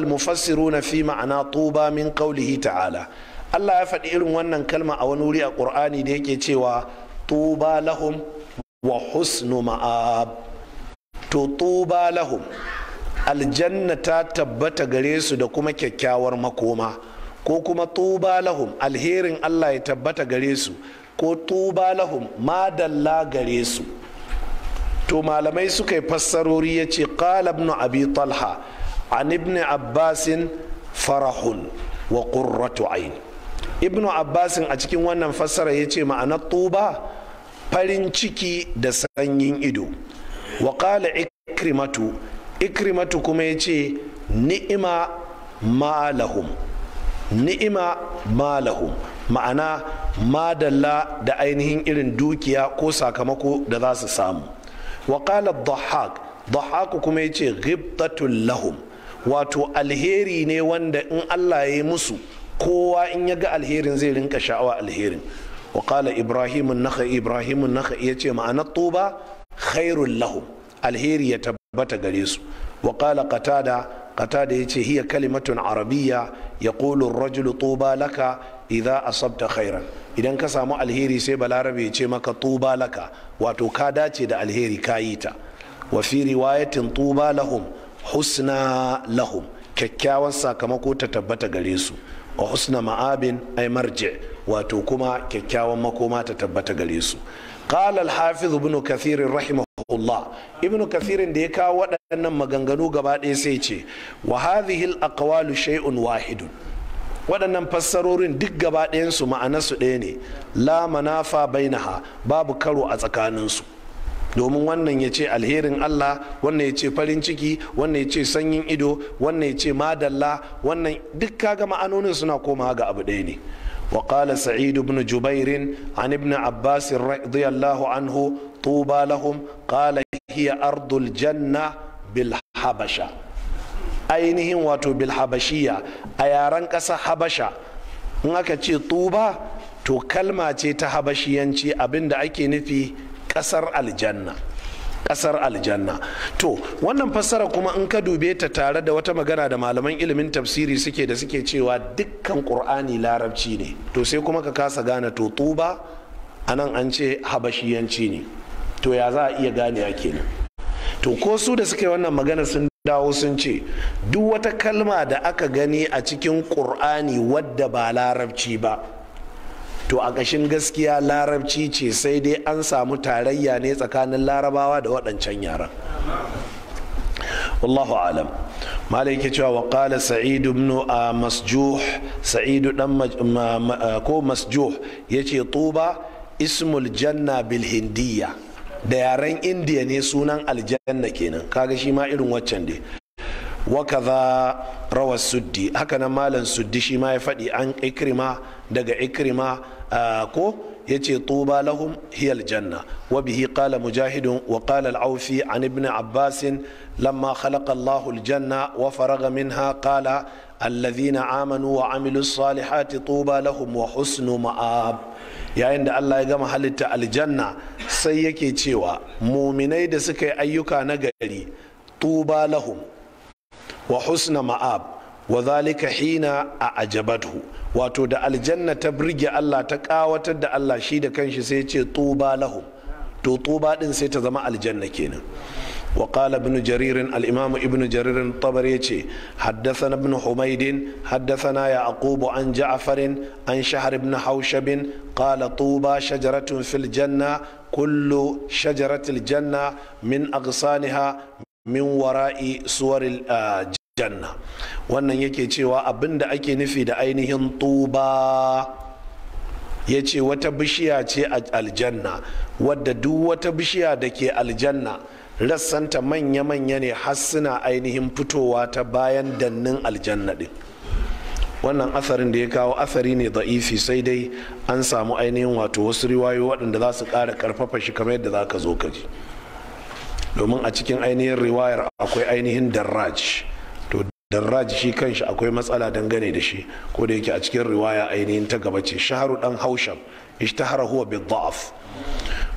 na fi ma'ana tuba min qawlihi ta'ala Allah ya faɗi irin wannan kalma a wani wuri a Qur'ani da yake cewa tuba lahum wa husnu ma'ab to tuba lahum aljanna ta tabbata gare su da kuma kyakkyawar makoma ko kuma tuba lahum alherin allah ya tabbata gare su ko tuba lahum madalla gare su to malamai suka yi fassarori ya ce qala ibn abi talha an ibn abbasin farahun wa qurratu ibn abbasin a cikin wannan fassara ya ce ma'anar tuba farin ciki da sanyin ido wa qala ikrimatu ikrimatu kuma ya ce ni'ima ma lahum ni'ima malahum ma'ana madalla da ainihin irin dukiya ko sakamako da za su samu wa qala dhahak dhahak kuma yace ghibtatul lahum wato alheri ne wanda in Allah ya yi musu kowa in ya ga alherin zai rinka sha'awa alherin wa qala ibrahim naka ibrahim naka yace ma'ana tuba khairul lahum alheri ya tabbata gare su wa qala qatada kata da yace ce hiya kalimatun arabiya ya ƙulun rajulu tuba laka idza asabta khairan idan ka samu alheri sai balarabe ya ce maka tuba laka wato ka dace da alheri ka yi ta wa fi riwayatin tuba lahum husna lahum kyakkyawan sakamako ta tabbata gare su wa husna ma'abin ay marji wato kuma kyakkyawan makoma ta tabbata gare su قال الحافظ ابن كثير رحمه Allah ibn kathirin da ya kawo waɗannan maganganu gaba ɗaya sai ce wa hadhihi al shay'un wahidun waɗannan fassarorin duk gaba ɗayansu ma'anarsu ɗaya ne la manafa bainaha babu karo a tsakaninsu domin wannan ya ce alherin Allah wannan ya ce farin ciki wannan ya ce sanyin ido wannan ya ce madalla wannan duk kaga ma'anonin suna komawa ga abu ɗaya ne وقال سعيد بن جبير عن ابن عباس رضي الله عنه tuba lahum qala hiya ardul janna bil ainihin wato bilhabashiya a yaren ƙasa habasha in aka ce tuba to kalma ce ta habashiyanci abinda ake nufi ƙasar aljanna kasar aljanna to wannan fassara kuma in ka dube ta tare da wata magana da malaman ilimin tafsiri suke da suke cewa dukkan qur'ani larabci ne to sai kuma ka kasa gane to tuba anan an ce habashiyanci ne to ya za a iya gane a kenan to ko su da suka yi wannan magana sun dawo sun ce duk wata kalma da aka gani a cikin ƙur'ani wadda ba larabci ba to a ƙashin gaskiya larabci ce sai dai an samu tarayya ne tsakanin larabawa da waɗancan yaran wallahu alam malai ke cewa waƙala sa'idu a masjuh sa'idu dan ko masjuh yace tuba ismul janna bil hindiyya da yaren indiya ne sunan aljanna kenan kaga shi ma irin waccan dai wakaza rawa suddi hakanan malam suddi shi ma ya faɗi an ikrima daga ikrima ko ya ce tuba lahum hiyal janna wa bihi qala mujahidun wa qala al-awfi an ibn abbasin lamma khalaqa allah al-janna wa faraga minha qala alladhina amanu wa amilu salihati tuba lahum wa husnu ma'ab yayin da Allah ya gama halitta aljanna sai yake cewa muminai da suka yi ayyuka na gari tuba lahum wa husna ma'ab wa zalika hina a ajabatu wato da aljanna ta birge Allah ta kawatar da Allah shi da kanshi sai ce tuba lahum to tuba din sai ta zama aljanna kenan wa qala jaririn jarir al-imam ibn jarir tabari yace haddathana ibn humayd haddathana yaqub an ja'far an shahr ibn bin qala tuba shajaratun fil janna kullu shajaratil janna min aghsaniha min wara'i suwaril janna wannan yake cewa abin da ake nufi da ainihin tuba ya ce wata bishiya ce a aljanna wadda duk wata bishiya da ke aljanna rassanta manya-manya ne har suna ainihin fitowa ta bayan dannin aljanna ɗin wannan asarin da ya kawo asari ne za'ifi, sai dai an samu ainihin wato wasu riwayo waɗanda za su ƙara ƙarfafa shi kamar yadda za ka zo ka ji domin a cikin ainihin riwayar akwai ainihin darraj to darraj shi kanshi akwai matsala dangane da shi ko da yake a cikin riwaya ainihin ta gaba ce shaharu dan hausham ishtahara huwa bi dha'af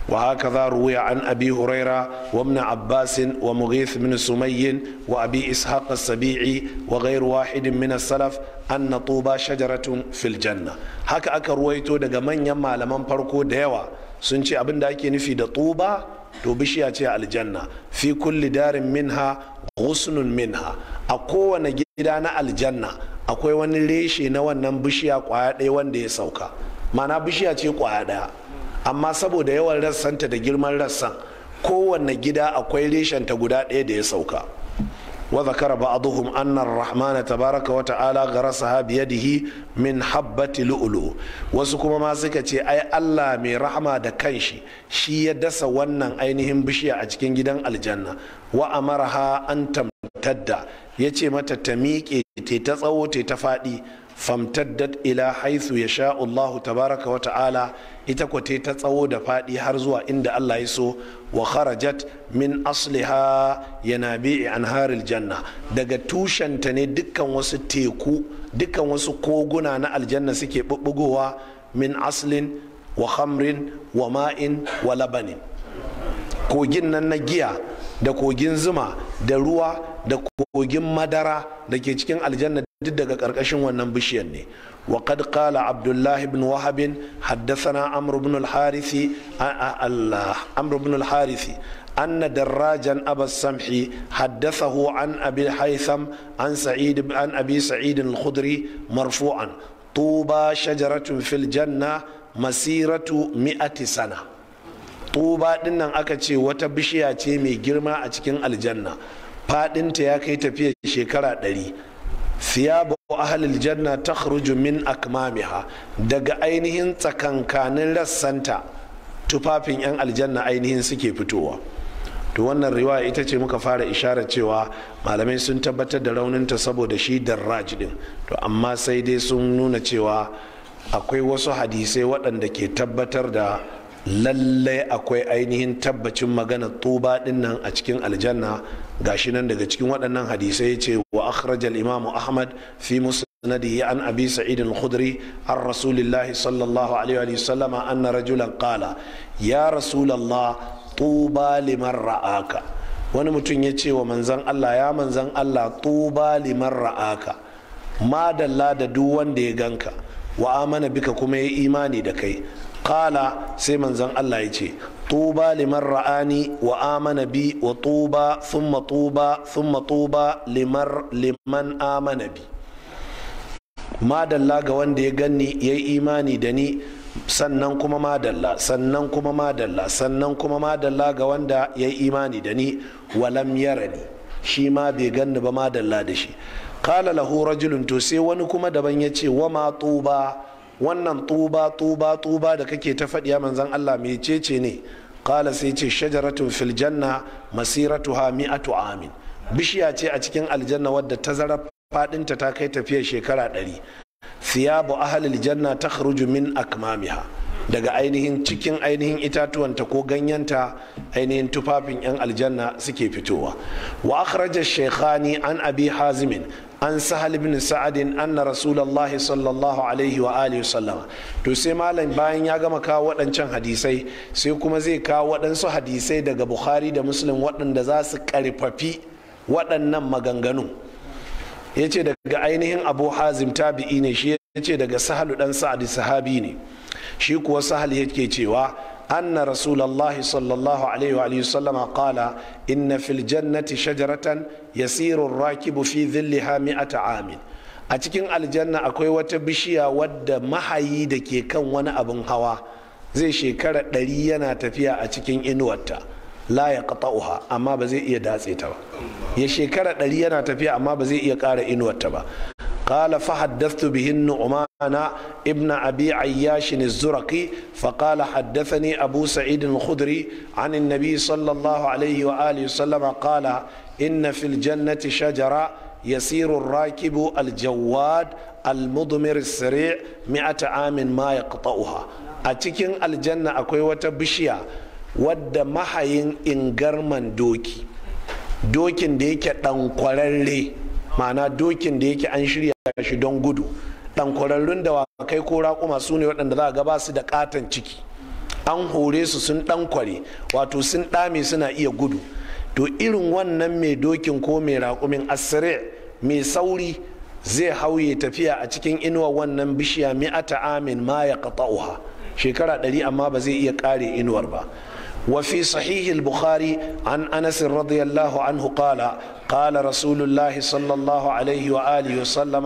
وهكذا روي عن أبي هريرة وابن عباس ومغيث بن سمي وأبي إسحاق السبيعي وغير واحد من السلف أن طوبى شجرة في الجنة هكا أكا رويتو دقا من يما لمن فرقو ديوا سنشي أبن ake نفي دا طوبى to bishiya ce aljanna fi kulli darin minha husnun minha a kowane gida na aljanna akwai wani reshe na wannan bishiya kwaya ɗaya wanda ya sauka ma'ana bishiya ce kwaya ɗaya amma saboda yawan rassanta da girman rassan kowanne gida akwai reshenta guda ɗaya da ya sauka wa zakara ba'dhum anna ar-rahman tabaraka wa ta'ala gharasaha da yadihi min habbati lu'lu wasu kuma ma suka ce ai Allah mai rahama da kanshi shi ya dasa wannan ainihin bishiya a cikin gidan aljanna wa an an tamtadda yace mata ta miƙe te ta tsawo te ta faɗi famtaddat ila haithu ya sha Allah tabaraka wa ta'ala ita kwate ta tsawo da faɗi har zuwa inda Allah ya so wa kharajat min asliha bii anharil janna daga tushenta ne dukkan wasu teku dukkan wasu koguna na aljanna suke bubbugowa min aslin wa khamrin wa ma'in wa labanin kogin nan na giya da kogin zuma da ruwa da kogin madara da ke cikin aljanna duk daga ƙarƙashin wannan bishiyar ne وقد قال عبد الله بن وهب حدثنا عمرو بن الحارث الله عمرو بن الحارث أن دراجا أبا السمح حدثه عن أبي الحيثم عن سعيد عن أبي سعيد الخدري مرفوعا طوبى شجرة في الجنة مسيرة مئة سنة tuba dinnan aka ce wata bishiya ce mai girma a cikin aljanna faɗinta ya kai tafiya shekara ɗari siyabu ahlil janna ta min akmamiha daga ainihin tsakankanin rassanta tufafin 'yan aljanna ainihin suke fitowa to wannan riwaya ita ce muka fara ishara cewa malamai sun tabbatar da rauninta saboda shi darraj din to amma sai dai sun nuna cewa akwai wasu hadisai waɗanda ke tabbatar da lallai akwai ainihin tabbacin magana tuba dinnan a cikin aljanna gashi nan daga cikin waɗannan hadisai ce wa akhrajal imamu ahmad fi ya an abi sa'id al-khudri an rasulillahi sallallahu alaihi wa sallama anna rajulan qala ya rasulullah tuba liman ra'aka wani mutum ya ce wa manzan Allah ya manzan Allah tuba liman ra'aka madalla da duk wanda ya ganka wa amana bika kuma ya imani da kai qala sai manzon Allah ya ce tuba liman ra'ani wa amana bi wa tuba thumma tuba thumma tuba liman liman amana bi madalla ga wanda ya ganni ya yi imani da ni sannan kuma madalla sannan kuma madalla sannan kuma madalla ga wanda ya yi imani da ni wa walam yarani shi ma bai ganni ba madalla da shi kala lahu rajulun to sai wani kuma daban ya ce wa ma tuba wannan tuba tuba tuba da kake ta faɗiya manzan Allah mecece ne kala sai ce shajaratun fil janna masiratuha mi'atu amin bishiya ce a cikin aljanna wadda zara fadinta ta kai tafiya shekara ɗari a ahlil janna takhruju min akmamiha daga ainihin cikin ainihin itatuwanta ko ganyenta ainihin tufafin 'yan aljanna suke fitowa wa akhraja shekhani an abi hazimin an sahal bin sa'adin anna rasulullahi sallallahu alaihi wa alihi sallama to sai malam bayan ya gama kawo waɗancan hadisai sai kuma zai kawo waɗansu hadisai daga bukhari da muslim waɗanda za su ƙarfafi waɗannan maganganu ya ce daga ainihin abu hazim tabi'i ne shi ya ce daga sahalu ɗan sa'adi sahabi ne shi kuwa sahal yake cewa أن رسول الله صلى الله عليه وآله وسلم قال إن a cikin aljanna akwai wata bishiya wadda mahayi da ke kan wani abin hawa zai shekara ɗari yana tafiya a cikin inuwarta la ya qata'uha amma ba zai iya datse ta ba ya shekara ɗari yana tafiya amma ba zai iya ƙara inuwarta ba قال فحدثت به النعمان ابن أبي عياش الزرقي فقال حدثني أبو سعيد الخدري عن النبي صلى الله عليه وآله وسلم قال إن في الجنة شجرة يسير الراكب الجواد المضمر السريع مئة عام ما يقطعها أتكين الجنة أكوي وتبشيا ود محين إنجرمن دوكي dokin da yake ɗan kwararre ma'ana dokin da yake an shirya shi don gudu dan kwararrun da kai ko raƙuma su ne waɗanda za a gaba su da katon ciki an hore su sun dan kware wato sun ɗame suna iya gudu to irin wannan mai dokin ko mai raƙumin asire mai sauri zai hauye tafiya a cikin inuwa wannan bishiya mi'ata amin ma ya qata'uha shekara ɗari amma ba zai iya kare inuwar ba وفي صحيح البخاري عن أنس رضي الله عنه قال قال رسول الله صلى الله عليه وآله وسلم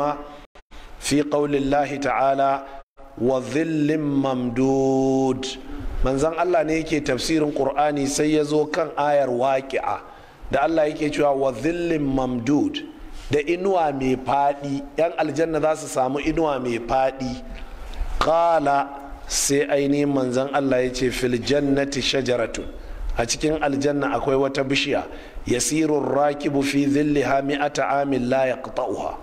في قول الله تعالى وظل ممدود من زن الله نيكي تفسير قرآني سيزو كان آير واقعة da Allah yake cewa wa zillin mamdud da inuwa mai faɗi 'yan aljanna za su samu inuwa mai faɗi ƙala sai ainihin manzan allah ya ce fil jannati shajaratu a cikin aljanna akwai wata bishiya yasirun rakibu fi zilliha mi'ata amin la yaqta'uha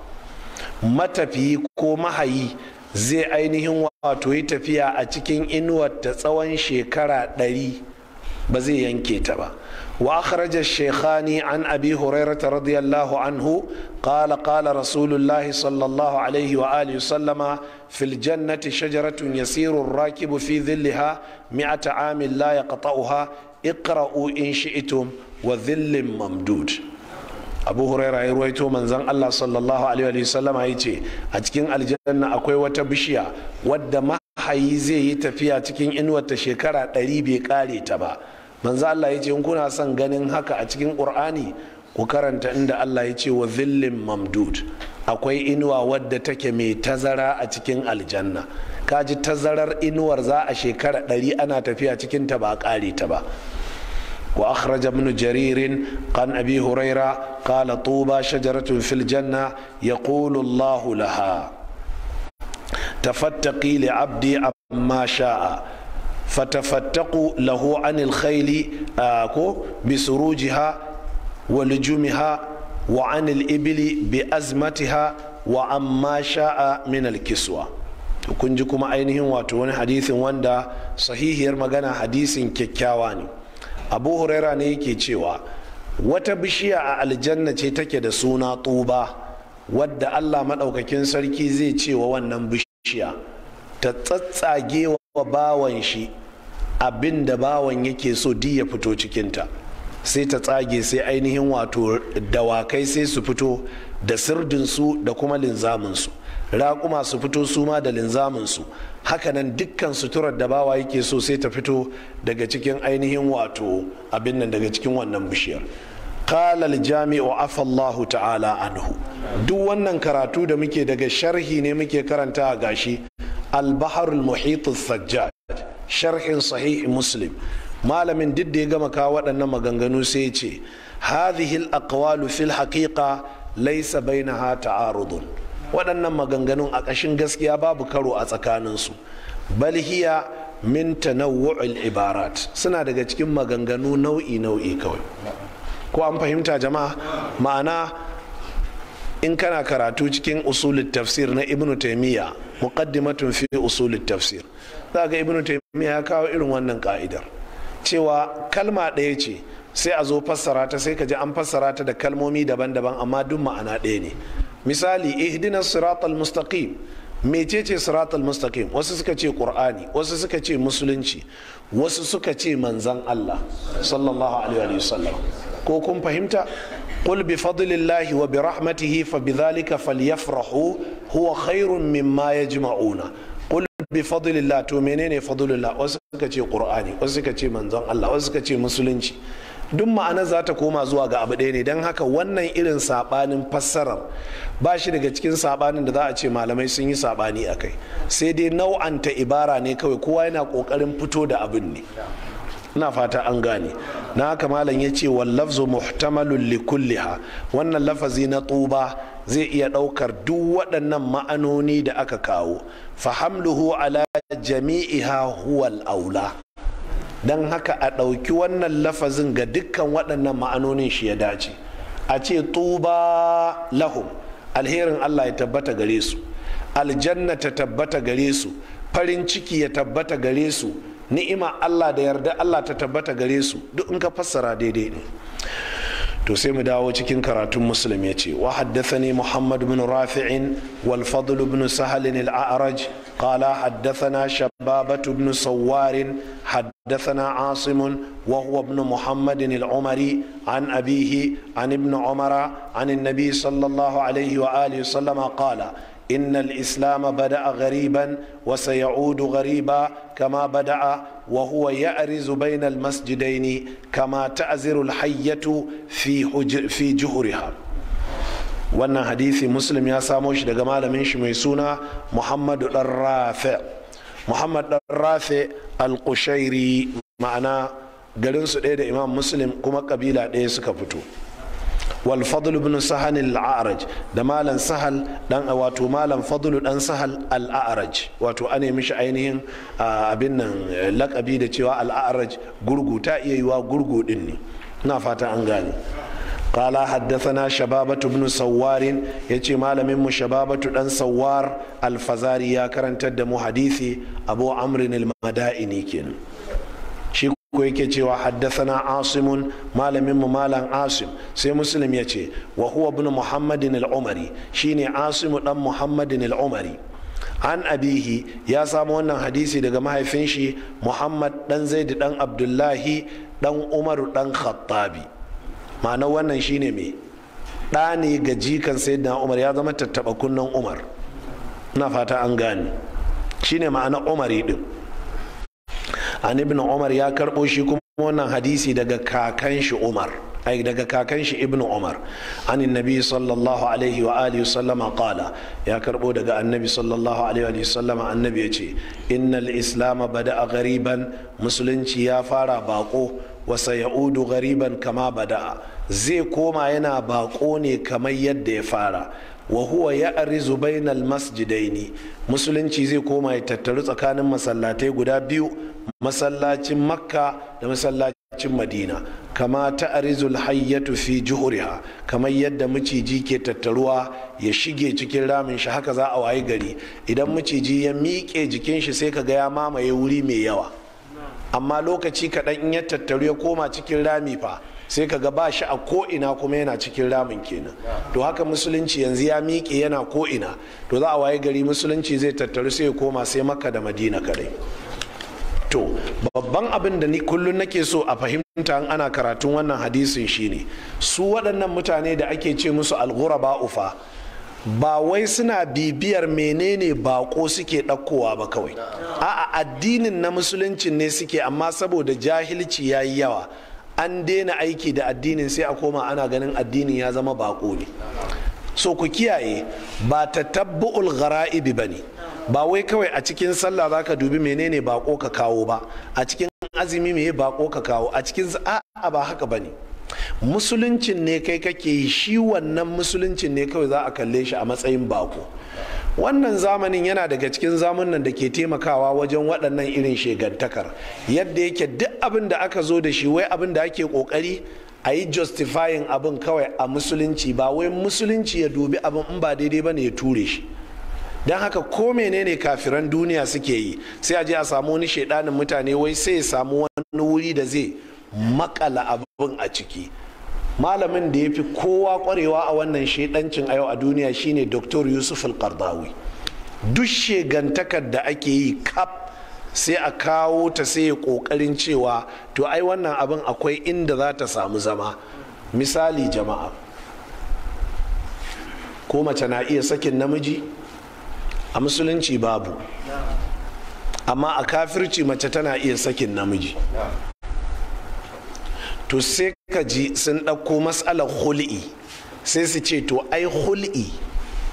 matafiyi ko mahayi zai ainihin wato yi tafiya a cikin inuwar ta tsawon shekara ɗari ba zai yanke ta ba wa akhraja shekhani an abi hurairata radiyallahu anhu qala qala rasulullahi sallallahu alaihi wa alihi sallama fil jannati shajaratun yasirun rakibu fi dhilliha mi'ata amin la yaqta'uha iqra'u in shi'tum wa dhillin mamdud abu huraira ya ruwaito manzon allah sallallahu alaihi wasallama ya ce a cikin aljanna akwai wata bishiya wadda mahayi zai yi tafiya cikin inuwarta shekara ɗari bai kare ta ba manzo allah ya ce in kuna son ganin haka a cikin qur'ani ku karanta inda Allah ya ce wa zillin mamdud akwai inuwa wadda take mai tazara a cikin aljanna Ka ji tazarar inuwar za a shekara ɗari ana tafiya cikin ta ba ƙare ta ba wa akraja min jaririn kan abi huraira qala tuba shajaratun fil janna yaqulu allah laha tafattaqi li abdi amma sha'a fatafattaqu lahu anil khayli ko bisurujiha wa lujumiha wa anil ibili bi azmatiha wa amma sha'a min alkiswa to kun ji kuma ainihin wato wani hadisin wanda sahihiyar magana hadisin kyakkyawa ne abu huraira ne yake cewa wata bishiya a aljanna ce take da suna tuba wadda allah maɗaukakin sarki zai ce wa wannan bishiya ta tsattsagewa bawan shi abinda bawan yake so di ya fito cikinta sai ta tsage sai ainihin wato dawakai sai su fito da sirdinsu da kuma linzaminsu raƙuma su fito su ma da linzaminsu hakanan dukkan suturar da bawa yake so sai ta fito daga cikin ainihin wato abin nan daga cikin wannan bishiyar قال الجامع عفى الله تعالى عنه duk wannan karatu da muke daga sharhi ne muke karanta a gashi al-bahr al-muhit sajjad sharhin sahih muslim malamin duk da ya gama kawo waɗannan maganganu sai ce hadhihi al-aqwalu fil haqiqa laysa bainaha ta'arudun waɗannan maganganun a ƙashin gaskiya babu karo a tsakaninsu bal hiya min tanawwu'il ibarat suna daga cikin maganganu nau'i nau'i kawai ko an fahimta jama'a ma'ana in kana karatu cikin usulul tafsir na ibnu taimiyya muqaddimatun fi usulul tafsir za ga ibnu taimiyya ya kawo irin wannan ka'idar cewa kalma ɗaya ce sai a zo fassara ta sai ka ji an fassara ta da kalmomi daban-daban amma duk ma'ana ɗaya ne misali ihdinas siratal mustaqim mecece siratal mustaqim wasu suka ce qur'ani wasu suka ce musulunci wasu suka ce manzan Allah sallallahu alaihi wa sallam ko kun fahimta قل بفضل الله وبرحمته فبذلك فليفرحوا هو خير مما يجمعون bi fadlillah to menene fadlillah wasu suka ce qur'ani wasu suka ce manzon Allah wasu suka ce musulunci duk ma'anar za ta koma zuwa ga abu ɗaya ne don haka wannan irin saɓanin fassarar ba shi daga cikin saɓanin da za a ce malamai sun yi saɓani a kai sai dai nau'anta ibara ne kawai kowa yana ƙoƙarin fito da abin ne ina fata an gane na haka malam ya ce wallafzu muhtamalun likulliha wannan lafazi na tuba zai iya ɗaukar duk waɗannan ma'anoni da aka kawo fahamluhu ala jami'iha huwal aula don haka a ɗauki wannan lafazin ga dukkan waɗannan ma'anonin shi ya dace a ce tuba lahum alherin allah ya tabbata gare su aljanna ta tabbata gare su farin ciki ya tabbata gare su ni'ima allah da yarda allah ta tabbata gare su duk in ka fassara daidai ne to sai mu dawo cikin karatun musulmi ya ce wa haddathani muhammad bin rafi'in wal fadl bin sahal al a'raj qala haddathana shababat bin sawwar haddathana asim wa huwa ibn muhammad al umari an abihi an ibn umara an an nabi sallallahu alaihi wa alihi sallama qala إن الإسلام بدأ غريبا وسيعود غريبا كما بدأ وهو يأرز بين المسجدين كما تأزر الحية في, في جهرها wannan hadisi muslim ya samo shi daga malamin shi mai suna muhammadu dan rafe muhammad dan rafe al-qushairi ma'ana garinsu ɗaya da imam muslim kuma kabila ɗaya suka fito wal fadl ibn sahal al malam sahal dan wato malam fadl dan sahal Al'a'raj a'raj wato ane mishi ainihin abin nan lakabi da cewa Al'a'raj gurgu ta iya yiwa gurgu din ne na fata an gane قال حدثنا شبابة بن سوار يجي مال من شبابة بن سوار الفزاري يا كرنت دمو حديثي أبو عمرو المدائني كن ko yake cewa haddathana asimun malamin mu malam asim sai muslim ya ce wa huwa ibn muhammadin al-umari shine asimu dan muhammadin al-umari an abihi ya samu wannan hadisi daga mahaifin shi muhammad dan zaid dan abdullahi dan umaru dan khattabi ma'ana wannan shine me ɗa ne ga jikan sayyidina umar ya zama tattaba kunnan umar na fata an gane shine ma'ana umari din an ibn umar ya karbo shi kuma wannan hadisi daga kakan shi umar ai daga kakan shi ibn umar an nabi sallallahu alaihi wa alihi sallama qala ya karbo daga annabi sallallahu alaihi wa sallama annabi yace innal islam bada'a ghariban musulunci ya fara bako wa sayaudu ghariban kama bada'a zai koma yana bako ne kamar yadda ya fara wa huwa arizu bainal masjidaini musulunci zai koma ya tattaru tsakanin masallatai guda biyu masallacin makka da masallacin madina kama arizul hayyatu fi juhuriha kamar yadda maciji ke tattaruwa ya shige cikin ramin shi haka za a wayi gari idan maciji ya miƙe jikin shi sai ka ga ya mamaye wuri mai yawa amma lokaci kaɗan in ya tattaru ya koma cikin rami fa sai ka ga ba shi a ko'ina kuma yana cikin ramin kenan to haka musulunci yanzu ya miƙe yana ko'ina to za a waye gari musulunci zai tattaru sai ya koma sai maka da madina kadai to babban abin da ni kullum nake so a fahimta ana karatun wannan hadisin shine su waɗannan mutane da ake ce musu ba ufa ba wai suna bibiyar menene bako suke ɗaukowa ba kawai a'a addinin na musulunci ne suke amma saboda jahilci yayi yawa an daina aiki da addinin sai a koma ana ganin addinin ya zama bako ne so ku kiyaye ba ta tabbu'ul gara'ibi ba ne ba wai kawai a cikin sallah za ka dubi menene bako ka kawo ba a cikin azumi me bako ka kawo a cikin a'a ba haka ba ne musuluncin ne kai kake shi wannan musuluncin ne kawai za a kalle shi a matsayin bako wannan zamanin yana daga cikin zamanin da ke taimakawa wajen waɗannan irin shegantakar yadda yake duk abin da aka zo da shi wai abin da ake ƙoƙari a yi justifying abin kawai a musulunci ba wai musulunci ya dubi abin in ba daidai ba ne ya ture shi don haka ko menene kafiran duniya suke yi sai a je a samu wani shaidanin mutane wai sai ya samu wani wuri da zai makala abin a ciki malamin da ya fi kowa kwarewa a wannan shaidancin a yau a duniya shine dr yusuf al duk shegantakar da ake yi kap sai a kawo ta sai ya kokarin cewa to ai wannan abin akwai inda za ta samu zama misali jama'a ko mace na iya sakin namiji a musulunci babu amma a kafirci mace tana iya sakin namiji to sai ka ji sun ɗauko matsalar hul'i sai su ce to ai hul'i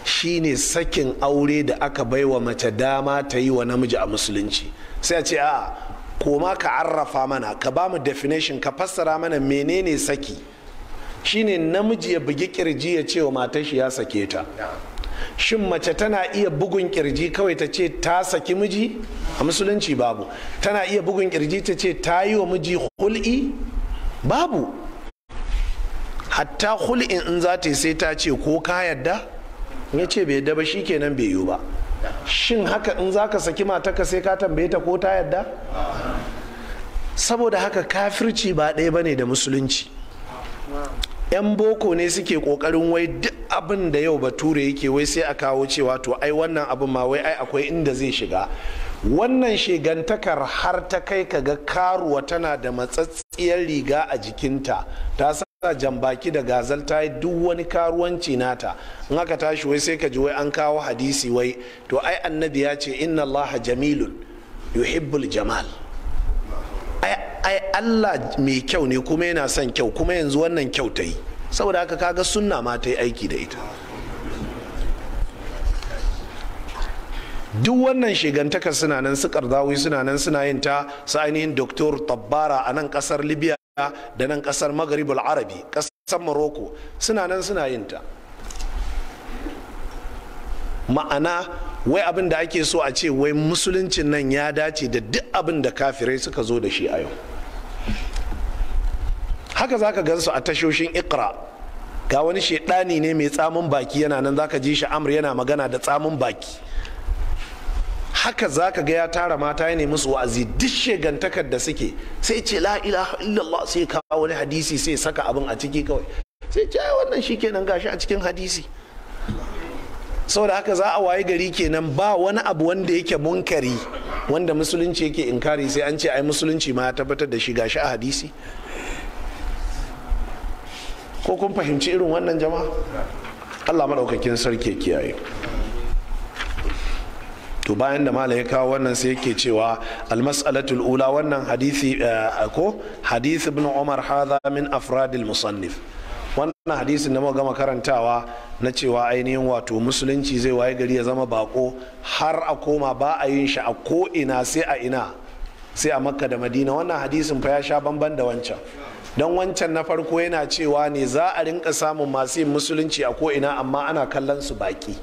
shine sakin aure da aka baiwa mace dama ta yi wa namiji a musulunci sai a ce a koma ka arrafa mana ka ba mu definition ka fassara mana menene saki shine namiji ya bugi kirji ya ce wa matar shi ya sake ta shin mace tana iya bugun kirji kawai ta ce ta saki miji a musulunci babu tana iya bugun kirji ta ce ta yi wa miji hul'i babu hatta hul'in in za ta yi sai ta ce ko ka yadda ya ce bai yadda ba shi kenan bai yiwu ba shin haka in za ka saki matarka sai ka tambaye ta ko ta yadda saboda haka kafirci ba ɗaya ba ne da musulunci 'yan boko ne suke kokarin wai duk abin da yau bature yake wai sai a kawo cewa to ai wannan abin ma wai ai akwai inda zai shiga wannan shegantakar har ta kai ka ga karuwa tana da matsatsiyar riga a jikinta ta sa baki da gazal ta yi duk wani karuwanci nata in aka tashi wai sai ka ji wai an kawo hadisi wai to ai annabi ya ce inna allah jamilun yuhibbul jamal ai allah mai kyau ne kuma yana son kyau kuma yanzu wannan kyau ta yi saboda haka kaga sunna ma ta yi aiki da ita duk wannan shigantaka suna nan su kardawi suna nan suna yin ta su ainihin doktor tabbara a nan kasar libya da nan kasar magharibul arabi kasar morocco suna nan suna yin ta ma'ana wai abin da ake so a ce wai musuluncin nan ya dace da duk abin da kafirai suka zo da shi a yau haka zaka gansu a tashoshin ikra ga wani shedani ne mai tsamin baki yana nan zaka ji shi amr yana magana da tsamin baki haka za ka ga ya tara mata ya nemi su wa'azi duk shegantakar da suke sai ce la ilaha illallah sai kawo wani hadisi sai saka abin a ciki kawai sai ce wannan shi kenan gashi a cikin hadisi saboda haka za a waye gari kenan ba wani abu wanda yake munkari wanda musulunci yake inkari sai an ce ai musulunci ma ya tabbatar da shi gashi a hadisi ko kun fahimci irin wannan jama'a Allah maɗaukakin sarki kiyaye. to bayan da malam ya kawo wannan sai yake cewa almas'alatul ula wannan hadisi eh, ko hadith ibn umar hadha min afradil musannif wannan hadisin da muka gama karantawa na cewa ainihin wato musulunci zai waye gari ya zama bako har a koma ba a yin shi a ko ina sai a ina sai a makka da madina wannan hadisin fa ya sha bamban da wancan don wancan na farko yana cewa ne za a rinka samun masu yin musulunci a ko ina amma ana kallon su baki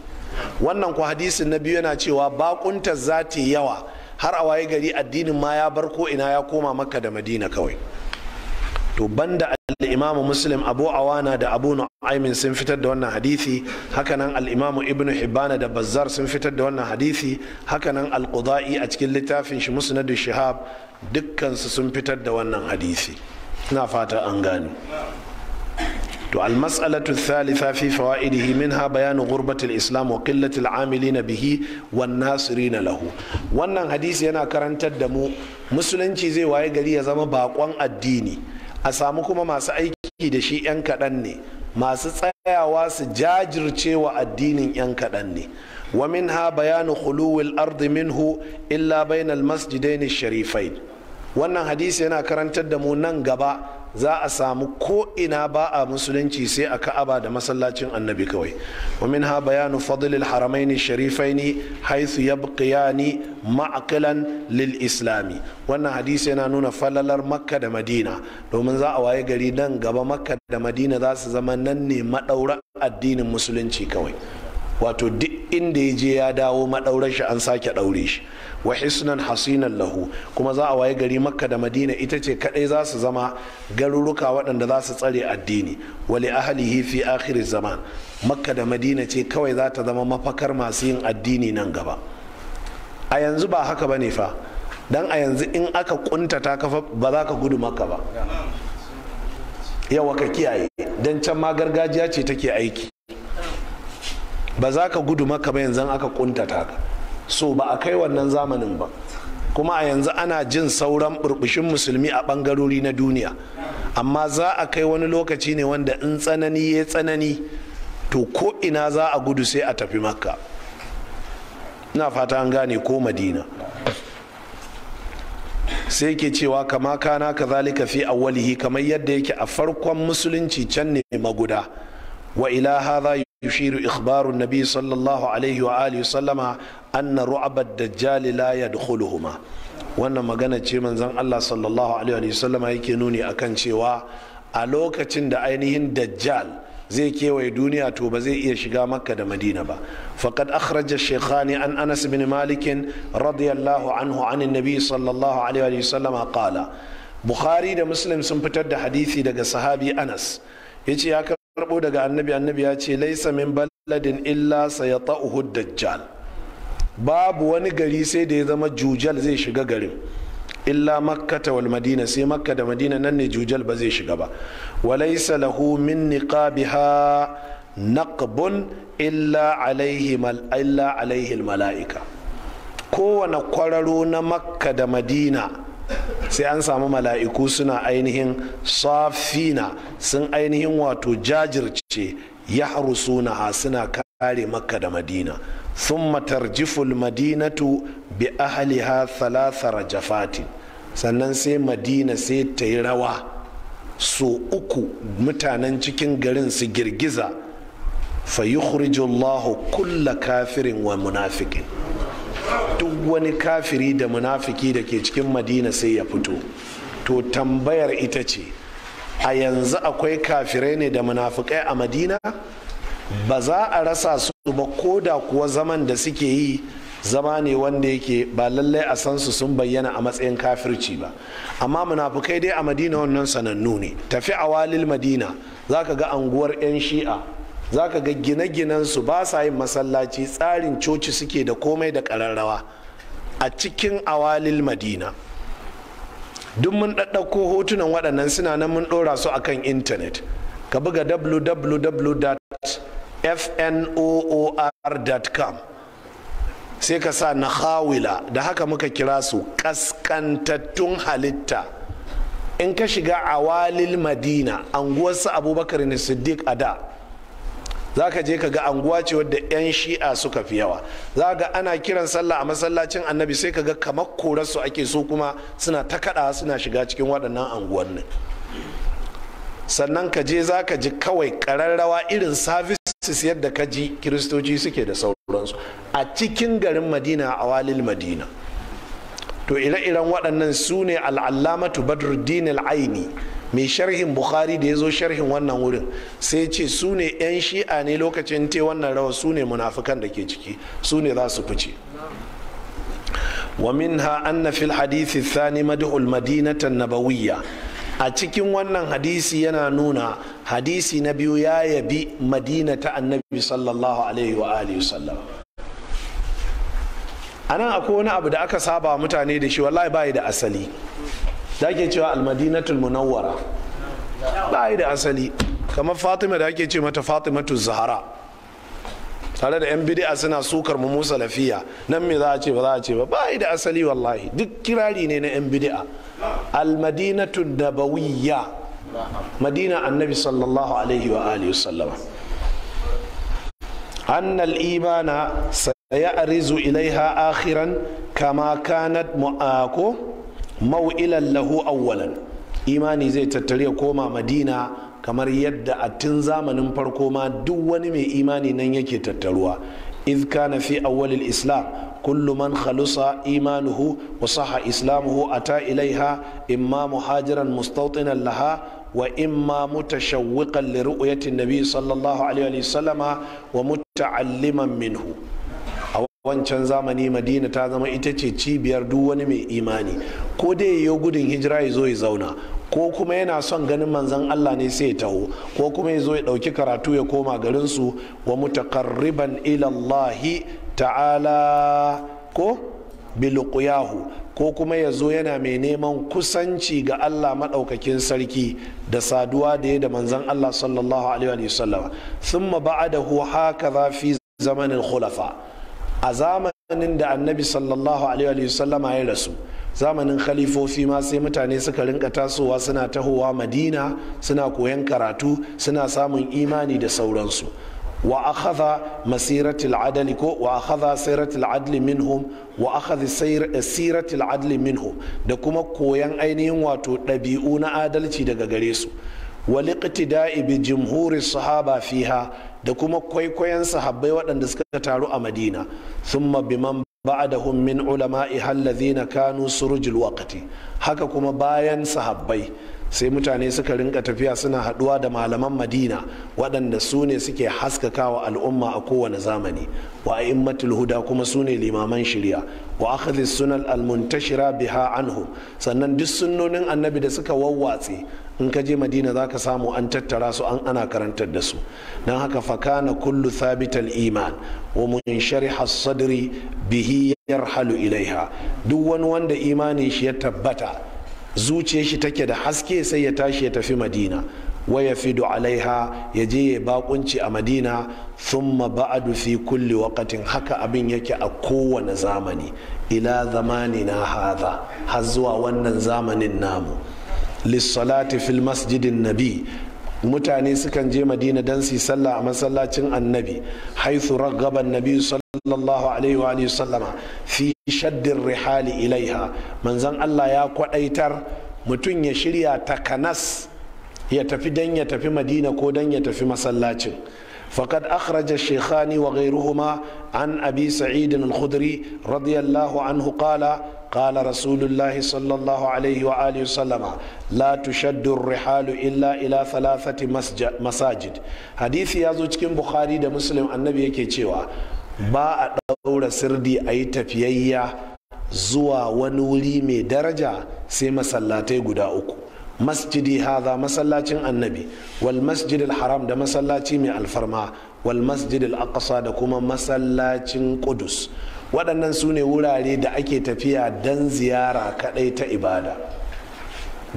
wannan ku hadisin na biyu yana cewa baƙunta zati yawa har a waye gari addinin ma ya bar ko ina ya koma makka da madina kawai to banda al-imamu muslim abu awana da abu nu'aymin sun fitar da wannan hadisi, hakanan al-imamu ibnu hibbana da bazzar sun fitar da wannan hadisi, hakanan al a cikin littafin shi musnadu shihab dukkansu sun fitar da wannan hadisi. ina fata an gane to almas'alatu thalitha fi fawaidihi minha bayanu ghurbatil islam wa qillatil amilina bihi wan nasirina lahu wannan hadisi yana karantar da mu musulunci zai waye gari ya zama bakon addini a samu kuma masu aiki da shi yan kaɗan ne masu tsayawa su jajirce wa addinin yan kaɗan ne Wa minha بيان خلو الأرض minhu illa bainal masjidaini الشريفين wannan hadisi yana karantar da mu nan gaba za a samu ko ina ba a musulunci sai a ka'aba da masallacin annabi kawai wa minha bayanu fadlil haramaini sharifaini haythu yabqiyani ma'qilan lil islami wannan hadisi yana nuna falalar makka da madina domin za a waye gari nan gaba makka da madina za su zama nan ne madaura addinin musulunci kawai wato duk inda ya je ya dawo maɗaurar shi an sake ɗaure shi wa hisnan hasinan lahu kuma za a waye gari makka da madina ita ce kaɗai za su zama garuruka waɗanda za su tsare addini wali ahali fi akhir zaman makka da madina ce kawai za ta zama mafakar masu yin addini nan gaba a yanzu ba haka ba ne fa dan a yanzu in aka kuntata kafa ba za ka gudu makka ba yawa ka kiyaye don can ma gargajiya ce take aiki ba za ka gudu maka ba yanzu aka kuntata ka so ba a kai wannan zamanin ba kuma a yanzu ana jin sauran burbushin musulmi a bangarori na duniya amma za a kai wani lokaci ne wanda in tsanani ya tsanani to ko ina za a gudu sai a tafi makka na fata an gane ko madina sai ke cewa kama kana kazalika fi awwalihi kamar yadda yake a farkon musulunci can ne maguda wa ila hadha yushiru ikhbaru nabi sallallahu alaihi wa alihi sallama anna ru'aba dajjal la yadkhuluhuma wannan magana ce manzon Allah sallallahu alaihi wa sallama yake nuni akan cewa a lokacin da ainihin dajjal zai kewaye duniya to ba zai iya shiga makka da madina ba faqad akhraja shaykhani an anas bin malik radiyallahu anhu anin nabi sallallahu alaihi wa sallama qala bukhari da muslim sun fitar da hadisi daga sahabi anas yace ya karbo daga annabi annabi ya ce laisa min baladin illa sayata'uhu dajjal babu wani gari sai da ya zama jujal zai shiga garin illa makkata wal madina sai makka da madina nan ne jujal ba zai shiga ba walaisa lahu min niqabiha naqbun illa alaihi illa alaihi mala'ika kowane kwararo na makka da madina sai an samu mala'iku suna ainihin safina sun ainihin wato jajirce ya suna suna kare makka da madina sun matar jiful madinatu bi ahliha thalathar jafatin sannan sai madina sai ta yi rawa su uku mutanen cikin garin su girgiza fa yukhrijullahu kulla kafirin wa munafikin duk wani kafiri da munafiki da ke cikin madina sai ya fito to tambayar ita ce a yanzu akwai kafirai ne da munafikai a madina ba za a rasa su ba ko da kuwa zaman da suke yi zama ne wanda yake ba lallai a san su sun bayyana a matsayin kafirci ba amma munafukai dai a madina wannan sanannu ne tafi a walil madina za ka ga anguwar 'yan shi'a za ka ga gine-ginensu ba sa yin masallaci tsarin coci suke da komai da ƙararrawa a cikin awalil madina duk mun ɗaɗɗauko hotunan waɗannan suna nan mun ɗora su a kan intanet ka buga www.fnoor.com sai ka sa na hawila da haka muka kira su ƙasƙantattun halitta in ka shiga awalil madina anguwarsu abubakar siddiq a da za ka je ka ga anguwa ce wadda 'yan shi'a suka fi yawa za ga ana kiran sallah a masallacin annabi sai ka ga kamar korarsu ake so kuma suna ta kada suna shiga cikin waɗannan nan sannan ka je za ka ji kawai ƙararrawa irin services yadda ka ji kiristoci suke da sauransu a cikin garin madina a walil madina to ire-iren waɗannan su ne al'allamatu badruddin al'aini mai sharhin bukhari da ya zo sharhin wannan wurin sai ce su ne 'yan shi'a ne lokacin te wannan rawa su ne munafukan da ke ciki su ne za su fice wa minha na fil hadithi thani mad'ul madinatan nabawiyya a cikin wannan hadisi yana nuna hadisi na biyu ya yabi madina ta annabi sallallahu alaihi wa alihi sallam anan akwai wani abu da aka saba mutane da shi wallahi bai da asali da ake cewa almadinatul munawwara ba yi da asali kamar fatima da ake ce mata fatimatu zahara tare da yan bid'a suna sukar mu musa lafiya nan me za a ce ba za a ce ba ba yi da asali wallahi duk kirari ne na yan bid'a almadinatu nabawiyya madina annabi sallallahu alaihi wa alihi wasallam annal imana sayarizu ilaiha akhiran kama kanat ko. mau'ilan lahu awwalan imani zai tattare koma madina kamar yadda a tun zamanin farko ma duk wani mai imani nan yake tattaruwa إذ كان في أول الإسلام كل من خلص إيمانه وصح إسلامه أتى إليها إما مهاجرا مستوطنا لها وإما متشوقا لرؤية النبي صلى الله عليه وسلم ومتعلما منه wancan zamani madina ta zama ita ce cibiyar duk wani mai imani ko dai ya gudun hijira ya zo ya zauna ko kuma yana son ganin manzan Allah ne sai ya taho ko kuma ya zo ya ɗauki karatu ya koma garinsu wa mutakarriban ilallahi ta'ala ko bilukuyahu ko kuma ya zo yana mai neman kusanci ga Allah maɗaukakin sarki da saduwa da ya da manzan Allah sallallahu alaihi wa sallama da ba'adahu haka za fi zamanin khulafa a zamanin da annabi sallallahu alaihi wasallama ya rasu zamanin khalifofi ma sai mutane suka rinka tasowa suna tahowa madina suna koyan karatu suna samun imani da sauransu wa akhadha masiratil adli ko wa akhadha siratil adli minhum wa akhadha siratil adli minhum da kuma koyan ainihin wato dabi'u na adalci daga gare su wa liqtida'i bi jumhuri sahaba fiha da kuma kwaikwayon sahabbai waɗanda suka taru a madina sun biman ba'dahum min ulama'i hallazina kanu surujul waqti haka kuma bayan sahabbai sai mutane suka rinka tafiya suna haɗuwa da malaman madina waɗanda su ne suke haskakawa al'umma a kowane zamani wa a'immatul huda kuma su ne limaman shirya wa akhdhi sunan almuntashira biha anhu sannan duk sunnonin annabi da suka wawwatse in ka je madina za ka samu an tattara su an ana karantar da su don haka fakana kullu thabital iman wa mun shariha sadri bihi yarhalu ilaiha duk wani wanda imanin shi ya tabbata zuciyar shi take da haske sai ya tashi ya tafi madina waya fido alaiha ya je ya bakunci a madina thumma ba'adu fi kulli wakatin haka abin yake a kowane zamani ila zamani na haza har zuwa wannan zamanin namu lissalati fil masjidin nabi mutane sukan je madina don su sallah a masallacin annabi haithu raggaban nabi sallallahu alaihi wa sallama fi shaddin rihali ilaiha manzan Allah ya kwadaitar mutum ya shirya takanas ya tafi dan ya tafi madina ko dan ya tafi masallacin فقد أخرج الشيخان وغيرهما عن أبي سعيد الخدري رضي الله عنه قال قال رسول الله صلى الله عليه وآله وسلم لا تشد الرحال إلا إلى ثلاثة مساجد حديث يازو cikin Bukhari da Muslim annabi yake cewa ba a ɗaura sirdi a yi tafiyayya zuwa wani wuri mai daraja sai masallatai guda uku masjidi haza masallacin annabi wal masjidil haram da masallaci mai alfarma wal masjidil aqsa da kuma masallacin kudus waɗannan su ne wurare da ake tafiya don ziyara kaɗai ta ibada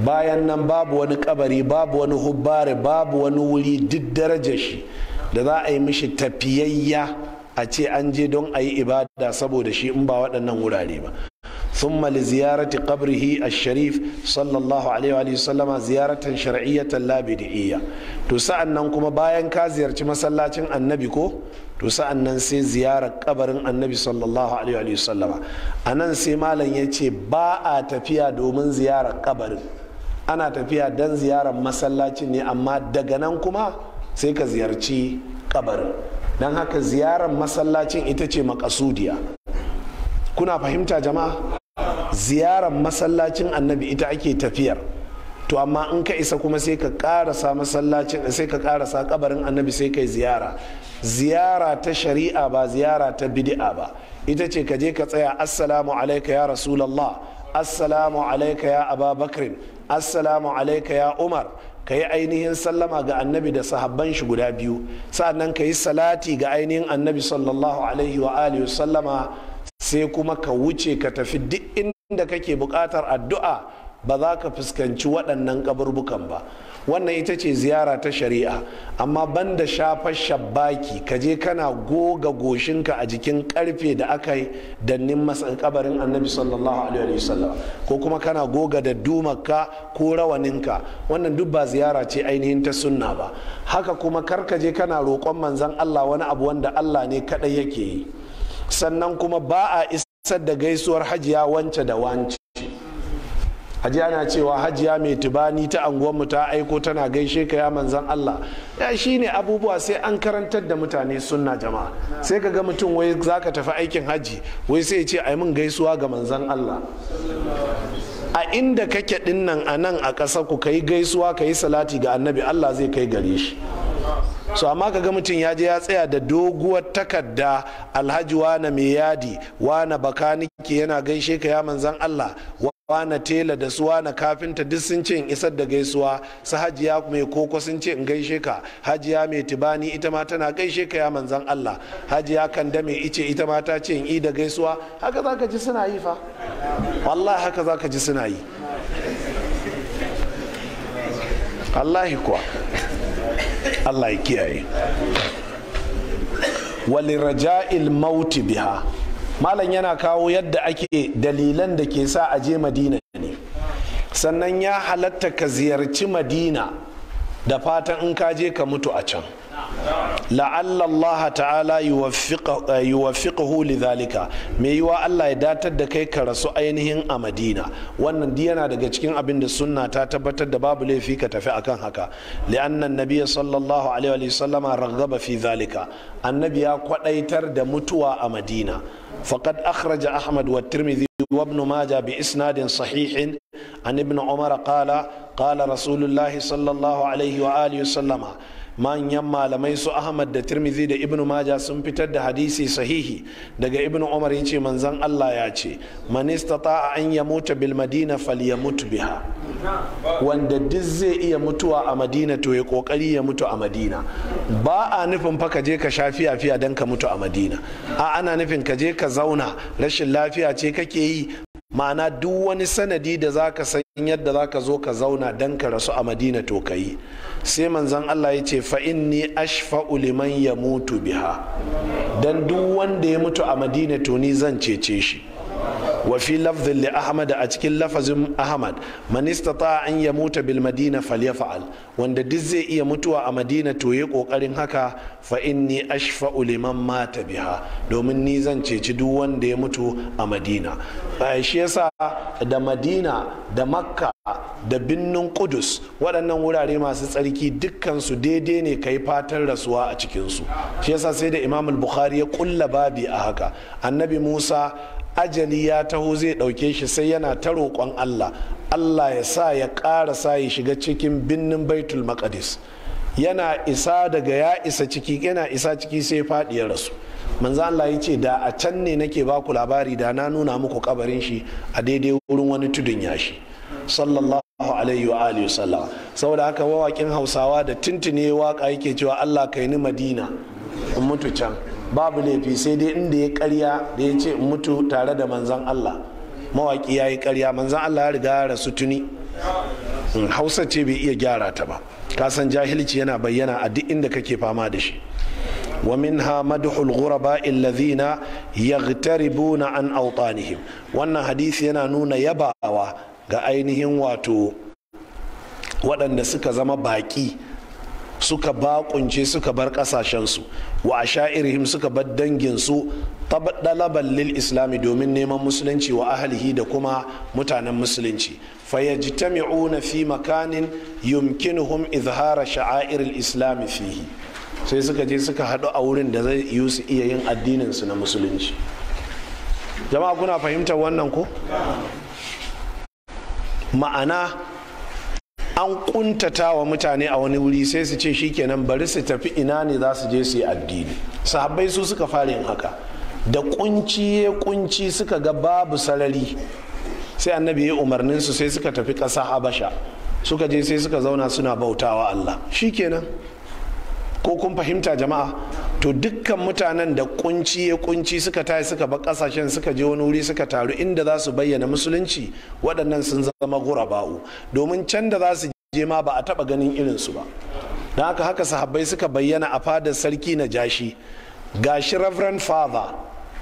bayan nan babu wani kabari babu wani hubbare babu wani wuri duk darajar shi da za a yi mishi tafiyayya a ce an je don a yi ibada saboda shi in ba waɗannan wurare ba sun mali ziyarati ƙabrihi a sharif sallallahu alaihi wa sallama ziyaratan shari'iyyatan labidiyya to nan kuma bayan ka ziyarci masallacin annabi ko to nan sai ziyarar kabarin annabi sallallahu alaihi wa sallama a nan sai malam ya ce ba a tafiya domin ziyarar kabarin ana tafiya don ziyarar masallacin ne amma daga nan kuma sai ka ziyarci kabarin don haka ziyarar masallacin ita ce makasudiya kuna fahimta jama'a ziyarar masallacin annabi ita ake tafiyar to amma in ka isa kuma sai ka karasa masallacin sai ka karasa kabarin annabi sai kai ziyara ziyara ta shari'a ba ziyara ta bid'a ba ita ce ka je ka tsaya assalamu alaika ya rasulallah assalamu alaika ya ababakrin assalamu alaika ya umar ka yi ainihin sallama ga annabi da sahabban shi guda biyu sa'annan ka yi salati ga ainihin annabi sallallahu alaihi wa alihi sallama sai kuma ka wuce ka tafi duk inda kake bukatar addu'a ba za ka fuskanci waɗannan kaburbukan ba wannan ita ce ziyara ta shari'a amma banda shafar shabbaki ka je kana goga goshinka a jikin karfe da aka yi dannin masan kabarin annabi sallallahu alaihi wasallam ko kuma kana goga da dumaka ko rawaninka wannan duk ba ziyara ce ainihin ta sunna ba haka kuma kar ka je kana roƙon manzon Allah wani abu wanda Allah ne kadai yake yi sannan kuma ba a isar da gaisuwar hajiya wance da wance hajiya na cewa hajiya mai tubani ta anguwanmu ta aiko tana gaishe ka ya manzan Allah ya shi ne abubuwa sai an karantar da mutane sunna jama'a sai ka ga mutum wai za ka tafi aikin haji wai sai ce a mun gaisuwa ga manzan Allah a inda kake din nan a nan a ƙasa ku kai gaisuwa ka yi salati ga annabi Allah zai kai gare shi so amma ka ga mutum ya je ya tsaya da doguwar takarda alhaji wana mai yadi wana bakaniki yana gaishe ka ya manzan Allah wana tela da suwa na kafinta duk sun ce in isar da gaisuwa su hajiya mai koko sun ce in gaishe ka hajiya mai tibani ita ma tana gaishe ka ya manzan Allah hajiya da mai ice ita ma ta ce in yi da gaisuwa haka zaka ji suna yi fa wallahi haka zaka ji suna yi wallahi kuwa Allah ya kiyaye waliraja'il mauti biha malam yana kawo yadda ake dalilan da ke sa a je madina ne sannan ya halatta ka ziyarci madina da fatan in ka je ka mutu a can la'alla Allah ta'ala yuwaffiqahu eh, lidhalika me yiwa Allah ya datar da kai ka rasu ainihin a Madina wannan di yana daga cikin abin da sunna ta tabbatar da babu laifi ka tafi akan haka li'anna nabiyya sallallahu alaihi wa sallama raghaba fi dhalika annabi ya kwadaitar da mutuwa a Madina faqad akhraja Ahmad wa Tirmidhi وابن ماجه بإسناد صحيح عن ابن عمر قال قال رسول الله صلى الله عليه وآله وسلم manyan malamai su ahmad da tirmidhi da ibnu maja sun fitar da hadisi sahihi daga ibnu umar ya ce manzan allah ya ce man istata'a an yamuta bil madina falyamut biha wanda duk zai iya mutuwa a madina to ya kokari ya mutu a madina ba a nufin fa ka je ka sha fiya fiya dan ka mutu a madina a ana nufin ka je ka zauna rashin lafiya ce kake yi ma'ana duk wani sanadi da za ka san yadda za ka zo ka zauna don ka rasu a madina to ka yi sai manzan allah ya ce fa'in ni ashfa uliman ya mutu biha don duk wanda ya mutu a madina to ni zan cece shi wa fi lafzin li ahmad a cikin lafazin ahmad man istata an ya muta bil madina falyafa'al wanda duk zai iya mutuwa a madina to ya kokarin haka fa inni ashfa'u liman mata biha domin ni zan ceci duk wanda ya mutu a madina shi yasa da madina da makka da binnin kudus waɗannan wurare masu tsarki dukkansu daidai ne ka yi fatan rasuwa a cikinsu shi yasa sai da imamul bukhari ya kulla babi a haka annabi musa ajali ya taho zai ɗauke shi sai yana ta roƙon allah allah ya sa ya ƙara sa ya shiga cikin binnin baitul maqdis yana isa daga ya isa ciki yana isa ciki sai faɗi ya rasu manzo allah ya ce da a can ne nake baku labari da na nuna muku kabarin shi a daidai wurin wani tudun yashi sallallahu alaihi wa alihi sallam saboda haka wawakin hausawa da tintine waka yake cewa allah kai ni madina mutu can babu laifi sai dai inda ya karya da ya ce mutu tare da manzan Allah mawaki ya yi karya manzan Allah ya riga rasu tuni hmm, hausa ce bai iya gyara ta ba kasan jahilci yana bayyana a duk inda kake fama da shi ومنها مدح الغرباء الذين يغتربون an أوطانهم wannan hadisi yana nuna yabawa ga ainihin wato waɗanda suka zama baƙi suka baƙunce suka bar ƙasashensu wa asha'irihim suka bar dangin su ɗalaban lil islami domin neman musulunci wa ahlihi da kuma mutanen musulunci fayajtami'una fi makanin yumkinuhum izhara sha'air islami fihi sai suka je suka haɗu a wurin da zai yi su iya yin addinin su na musulunci jama'a kuna fahimtar wannan ko ma'ana an kuntata wa mutane a wani wuri sai su ce shikenan bari su tafi ina ne za su je su yi addini sahabbai su suka fara yin haka da kunci ya kunci suka ga babu sarari sai annabi ya umarnin su sai suka tafi ƙasa habasha suka je sai suka zauna suna bautawa Allah shikenan ko kun fahimta jama'a to dukkan mutanen da kunci ya kunci suka tayi suka bar kasashen suka je wani wuri suka taru inda za su bayyana musulunci waɗannan sun zama gura ba'u domin can da za su je ma ba a taba ganin irin su ba don haka haka sahabbai suka bayyana a fadar sarki na jashi gashi reverend father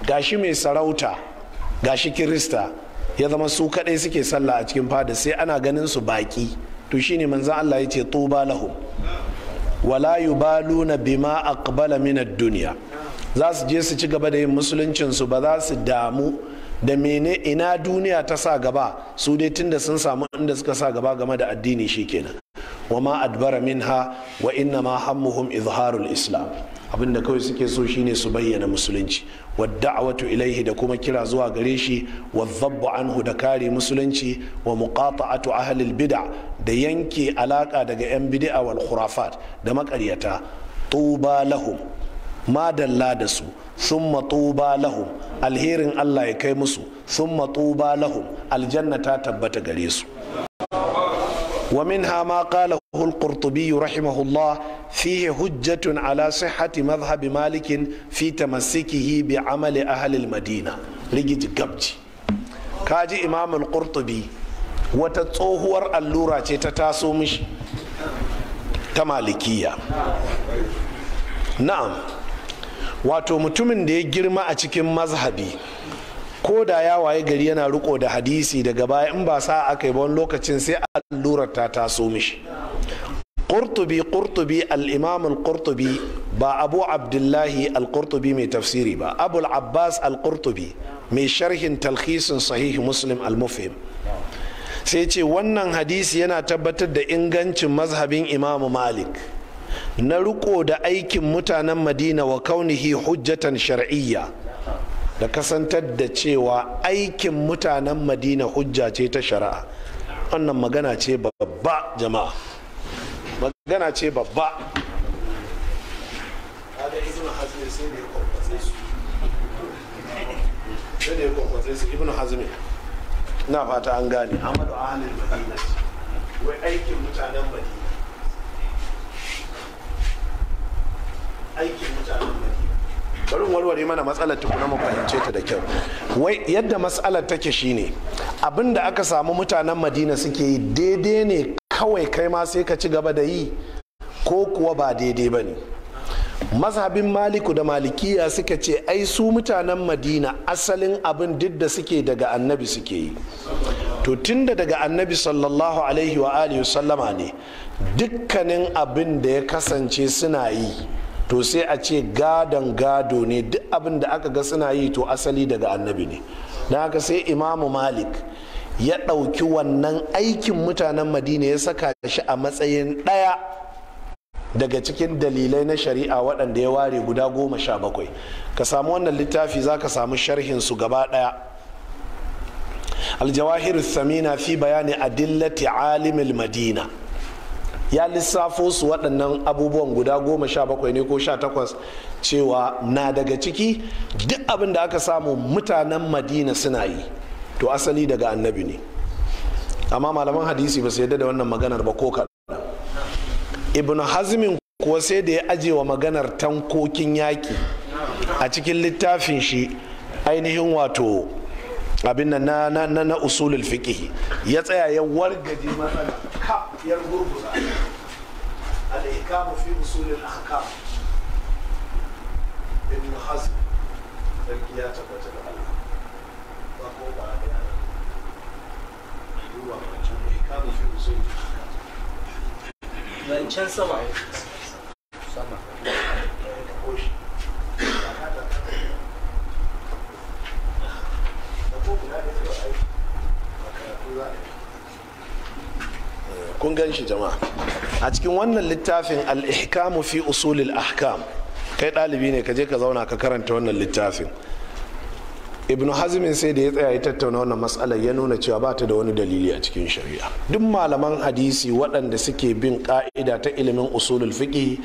gashi mai sarauta gashi kirista ya zama su kadai suke sallah a cikin fada sai ana ganin su baki to shine manzan Allah ya ce tuba lahum wala yubaluna bima aqbala min ad-dunya za su je su ci gaba da yin musuluncin su ba za su damu da mene ina duniya ta sa gaba su dai tunda sun samu inda suka sa gaba game da addini shikenan wa ma adbara minha wa inna ma hammuhum izharul islam Abin da kawai suke so shine su bayyana musulunci wa wadda'awatu ilaihi da kuma kira zuwa gare shi wa zabbu anhu da kare musulunci wa muqata'atu ahlil bid'a da yanke alaka daga yan bid'a wal khurafat da maƙaryata. tuba lahum madalla da su summa tuba lahum alherin Allah ya kai musu summa tuba lahum aljanna ta tabbata gare su ومنها ما قاله القرطبي رحمه الله فيه حجة على صحة مذهب مالك في تمسكه بعمل أهل المدينة رجج قبجي كاجي إمام القرطبي وتتصوهور اللورة تتاسومش تمالكية نعم wato mutumin da ya girma a cikin mazhabi ko da ya waye gari yana riko da hadisi daga baya in ba sa aka yi ba wani lokacin sai allurar ta taso mishi qurtubi qurtubi al-imam al-qurtubi ba abu abdullahi al-qurtubi mai tafsiri ba abu al-abbas al-qurtubi mai sharhin talhisin sahih muslim al sai ce wannan hadisi yana tabbatar da ingancin mazhabin imam malik na riko da aikin mutanen madina wa kaunihi hujjatan shar'iyya da kasantar da cewa aikin mutanen madina hujja ce ta shari'a wannan magana ce babba jama'a magana ce babba ibn na fata an gane amadu ahalin madina wai aikin mutanen madina aikin mutanen madina bari warware mana matsalar tukuna mu fahimce ta da kyau wai yadda matsalar take shine abin da aka samu mutanen madina suke yi daidai ne kawai kai ma sai ka ci gaba da yi ko kuwa ba daidai ba ne mazhabin maliku da malikiya suka ce ai su mutanen madina asalin abin duk da suke daga annabi suke yi to tunda daga annabi sallallahu alaihi wa alihi sallama ne dukkanin abin da ya kasance suna yi to sai a ce gadon gado ne duk abin da aka ga suna yi to asali daga annabi ne don haka sai imamu malik ya ɗauki wannan aikin mutanen madina ya saka shi a matsayin ɗaya daga cikin dalilai na shari'a waɗanda ya ware guda goma sha bakwai ka samu wannan littafi za ka samu sharhin su gaba ɗaya aljawahir samina fi bayani adillati alimil madina ya lissafo su waɗannan abubuwan guda goma sha bakwai ne ko sha takwas cewa na daga ciki duk abin da aka samu mutanen madina suna yi to asali daga annabi ne amma malaman hadisi ba su yadda da wannan maganar ba ko kaɗa ibn hazmin kuwa sai da ya wa maganar tankokin yaƙi a cikin littafin shi ainihin wato abin nan na na usulul fiqh ya tsaya ya wargaje matsala ka ya gurguza al-ihkam fi usul al-ahkam ibn hazm sarki ya tabbata da Allah ba ko ba da yana duwa kan ihkam fi usul al-ahkam can sama sama kun gan shi jama'a a cikin wannan littafin al fi usulil ahkam kai ɗalibi ne ka je ka zauna ka karanta wannan littafin ibnu hazmin sai da ya tsaya ya tattauna wannan matsalar ya nuna cewa ba ta da wani dalili a cikin shari'a duk malaman hadisi waɗanda suke bin ka'ida ta ilimin usulul fiqh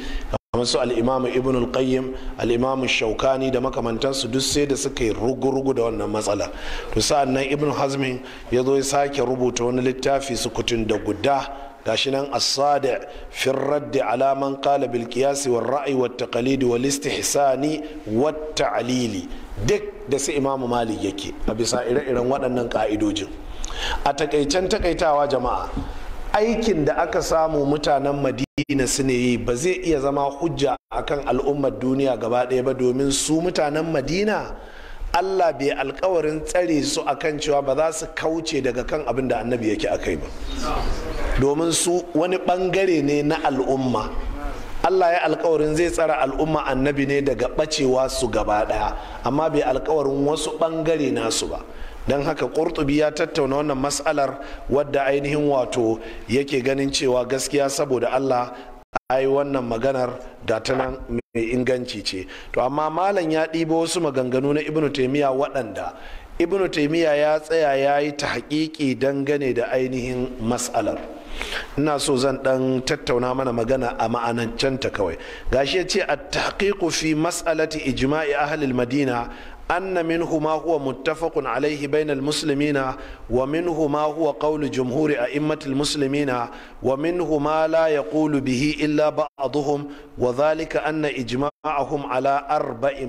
kamar su al'imamu ibn al-qayyim al'imamu shaukani da makamantansu duk sai da suka yi rugu-rugu da wannan matsala to sa'an nan ibn hazmin ya zo ya sake rubuta wani littafi sukutun da guda gashi nan asadi sadi fi radd ala man qala wa qiyas wa ra'i wa taqlid duk da su imamu malik yake a bisa ire-iren waɗannan ka'idojin a takaicen takaitawa jama'a aikin da aka samu mutanen madina su ne yi ba zai iya zama hujja akan al'ummar duniya gaba ɗaya ba domin su mutanen madina allah bai alkawarin tsare su akan cewa ba za su kauce daga kan abin da annabi yake a kai ba domin su wani bangare ne na al'umma Allah ya alkawarin zai tsara al'umma annabi ne daga bacewa su gaba daya amma bai alkawarin wasu bangare nasu ba don haka ƙurtubi ya tattauna wannan matsalar wadda ainihin wato yake ganin cewa gaskiya saboda Allah ai wannan maganar da ta nan mai inganci ce to amma malam ya ɗibo wasu maganganu na ibnu taimiya waɗanda ibnu taimiya ya tsaya ya yi ta dangane da ainihin matsalar. ina so zan ɗan tattauna mana magana a ma'anancanta kawai gashi ya ce a taƙiƙo fi matsalati ijima'i a halin madina an na min huma huwa mutafakun alaihi bainar musulmina wa min huma huwa ƙaunu jumhuri a immatul musulmina wa min huma la ya ƙulu bihi illa ba wazalika anna wa zalika an na ijima'ahun ala arba'i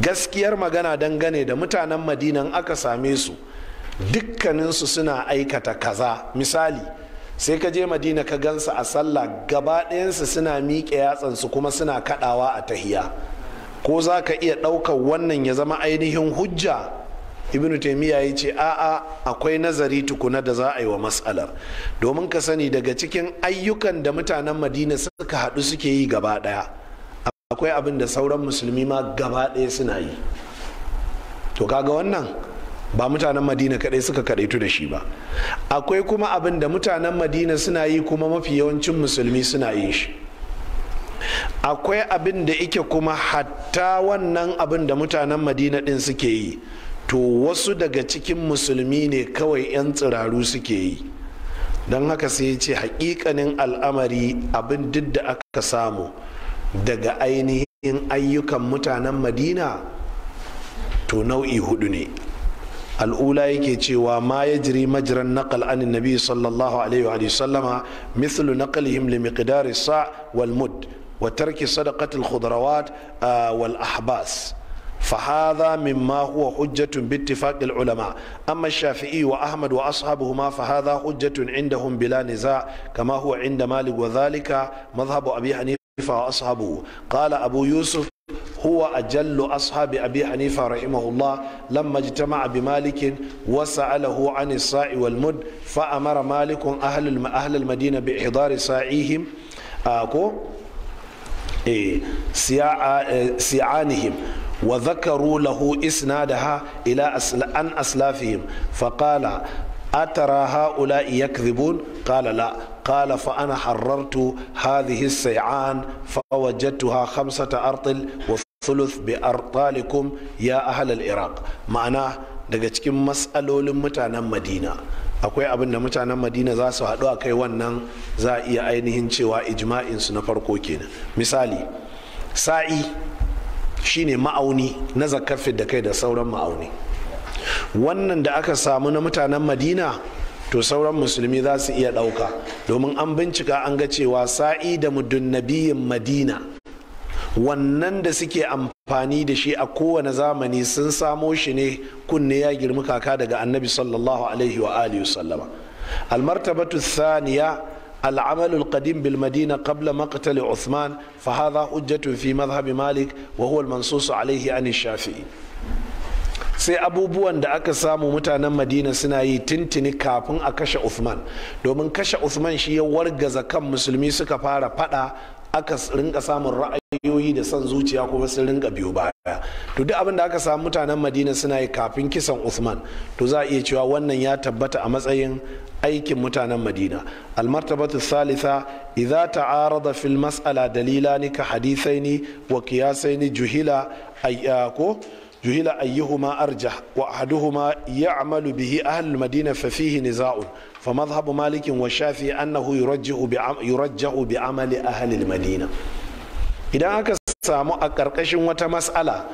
gaskiyar magana dangane da mutanen madinan aka same su dukkaninsu suna aikata kaza misali sai ka je madina ka gansu a sallah gaba ɗayansu suna miƙe yatsansu kuma suna kaɗawa a tahiya ko za ka iya ɗaukar wannan ya zama ainihin hujja ibnu taimiyya ya ce a'a akwai nazari tukuna da za a yi wa matsalar domin ka sani daga cikin ayyukan da mutanen madina suka haɗu suke yi gaba ɗaya akwai abin da sauran musulmi ma gaba ɗaya suna yi to kaga wannan ba mutanen madina kadai suka kadaitu da shi ba akwai kuma abin da mutanen madina suna yi kuma mafi yawancin musulmi suna yin shi akwai abin da ike kuma hatta wannan abin da mutanen madina din suke yi to wasu daga cikin musulmi ne kawai 'yan tsiraru suke yi don haka sai ya ce hakikanin al'amari abin duk da aka samu daga ainihin ayyukan mutanen madina to nau'i hudu ne al'ula yake cewa ma ya jiri majiran naqal an nabi sallallahu alaihi wa sallama mithlu naqlihim li miqdari sa wal mud wa tarki sadaqati al khudrawat ah, wal ahbas فهذا مما هو حجة باتفاق wa أما الشافعي وأحمد وأصحابهما فهذا حجة عندهم بلا نزاع كما هو عند مالك وذلك مذهب أبي حنيفة وأصحابه قال أبو يوسف هو أجل أصحاب أبي حنيفة رحمه الله لما اجتمع بمالك وسأله عن الصاع والمد فأمر مالك أهل أهل المدينة بإحضار صاعيهم أكو إيه، آه، سيعانهم وذكروا له إسنادها إلى أن أسلافهم فقال أترى هؤلاء يكذبون قال لا قال فأنا حررت هذه السيعان فوجدتها خمسة أرطل thuluth bi artalikum ya ahalal iraq ma'ana daga cikin matsalolin mutanen madina akwai abin da mutanen madina za su haɗu a kai wannan za a iya ainihin cewa ijma'in su na farko kenan misali sa'i shine ma'auni na zakafi da kai da sauran ma'auni wannan da aka samu na mutanen madina to sauran musulmi za su iya ɗauka domin an bincika an ga cewa sa'i da muddun madina wannan da suke amfani da shi a kowane zamani sun samo shi ne kunne ya girmi kaka daga annabi sallallahu alaihi wa alihi sallama almartabatu thaniya العمل القديم بالمدينة قبل مقتل عثمان فهذا حجة في مذهب مالك وهو المنصوص عليه عن الشافعي sai abubuwan da aka samu mutanen madina suna yi tintini kafin a kashe uthman domin kashe uthman shi ya wargaza kan musulmi suka fara fada aka rinka samun ra'ayoyi da son zuciya kuma sun rinka biyo baya to duk abin da aka samu mutanen madina suna yi kafin kisan usman to za a iya cewa wannan ya tabbata a matsayin aikin mutanen madina almartabatu salisa idza ta'arada fil mas'ala dalilani ka hadithaini wa qiyasaini juhila ko juhila ayyuhuma arjah wa ahaduhuma ya'malu bihi ahlul madina fa fihi niza'un fa mazhabu malikin wa shafi annahu yurajja'u bi amali ahlil madina idan aka samu a ƙarƙashin wata mas'ala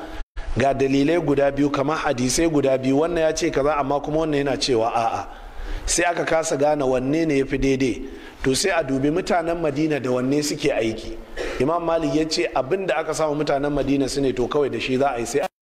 ga dalilai guda biyu kamar hadisai guda biyu wannan ya ce kaza amma kuma wannan yana cewa a'a sai aka kasa gane wanne ne ya fi daidai to sai a dubi mutanen madina da wanne suke aiki imam malik ya ce abinda aka samu mutanen madina su ne to kawai da shi za a yi sai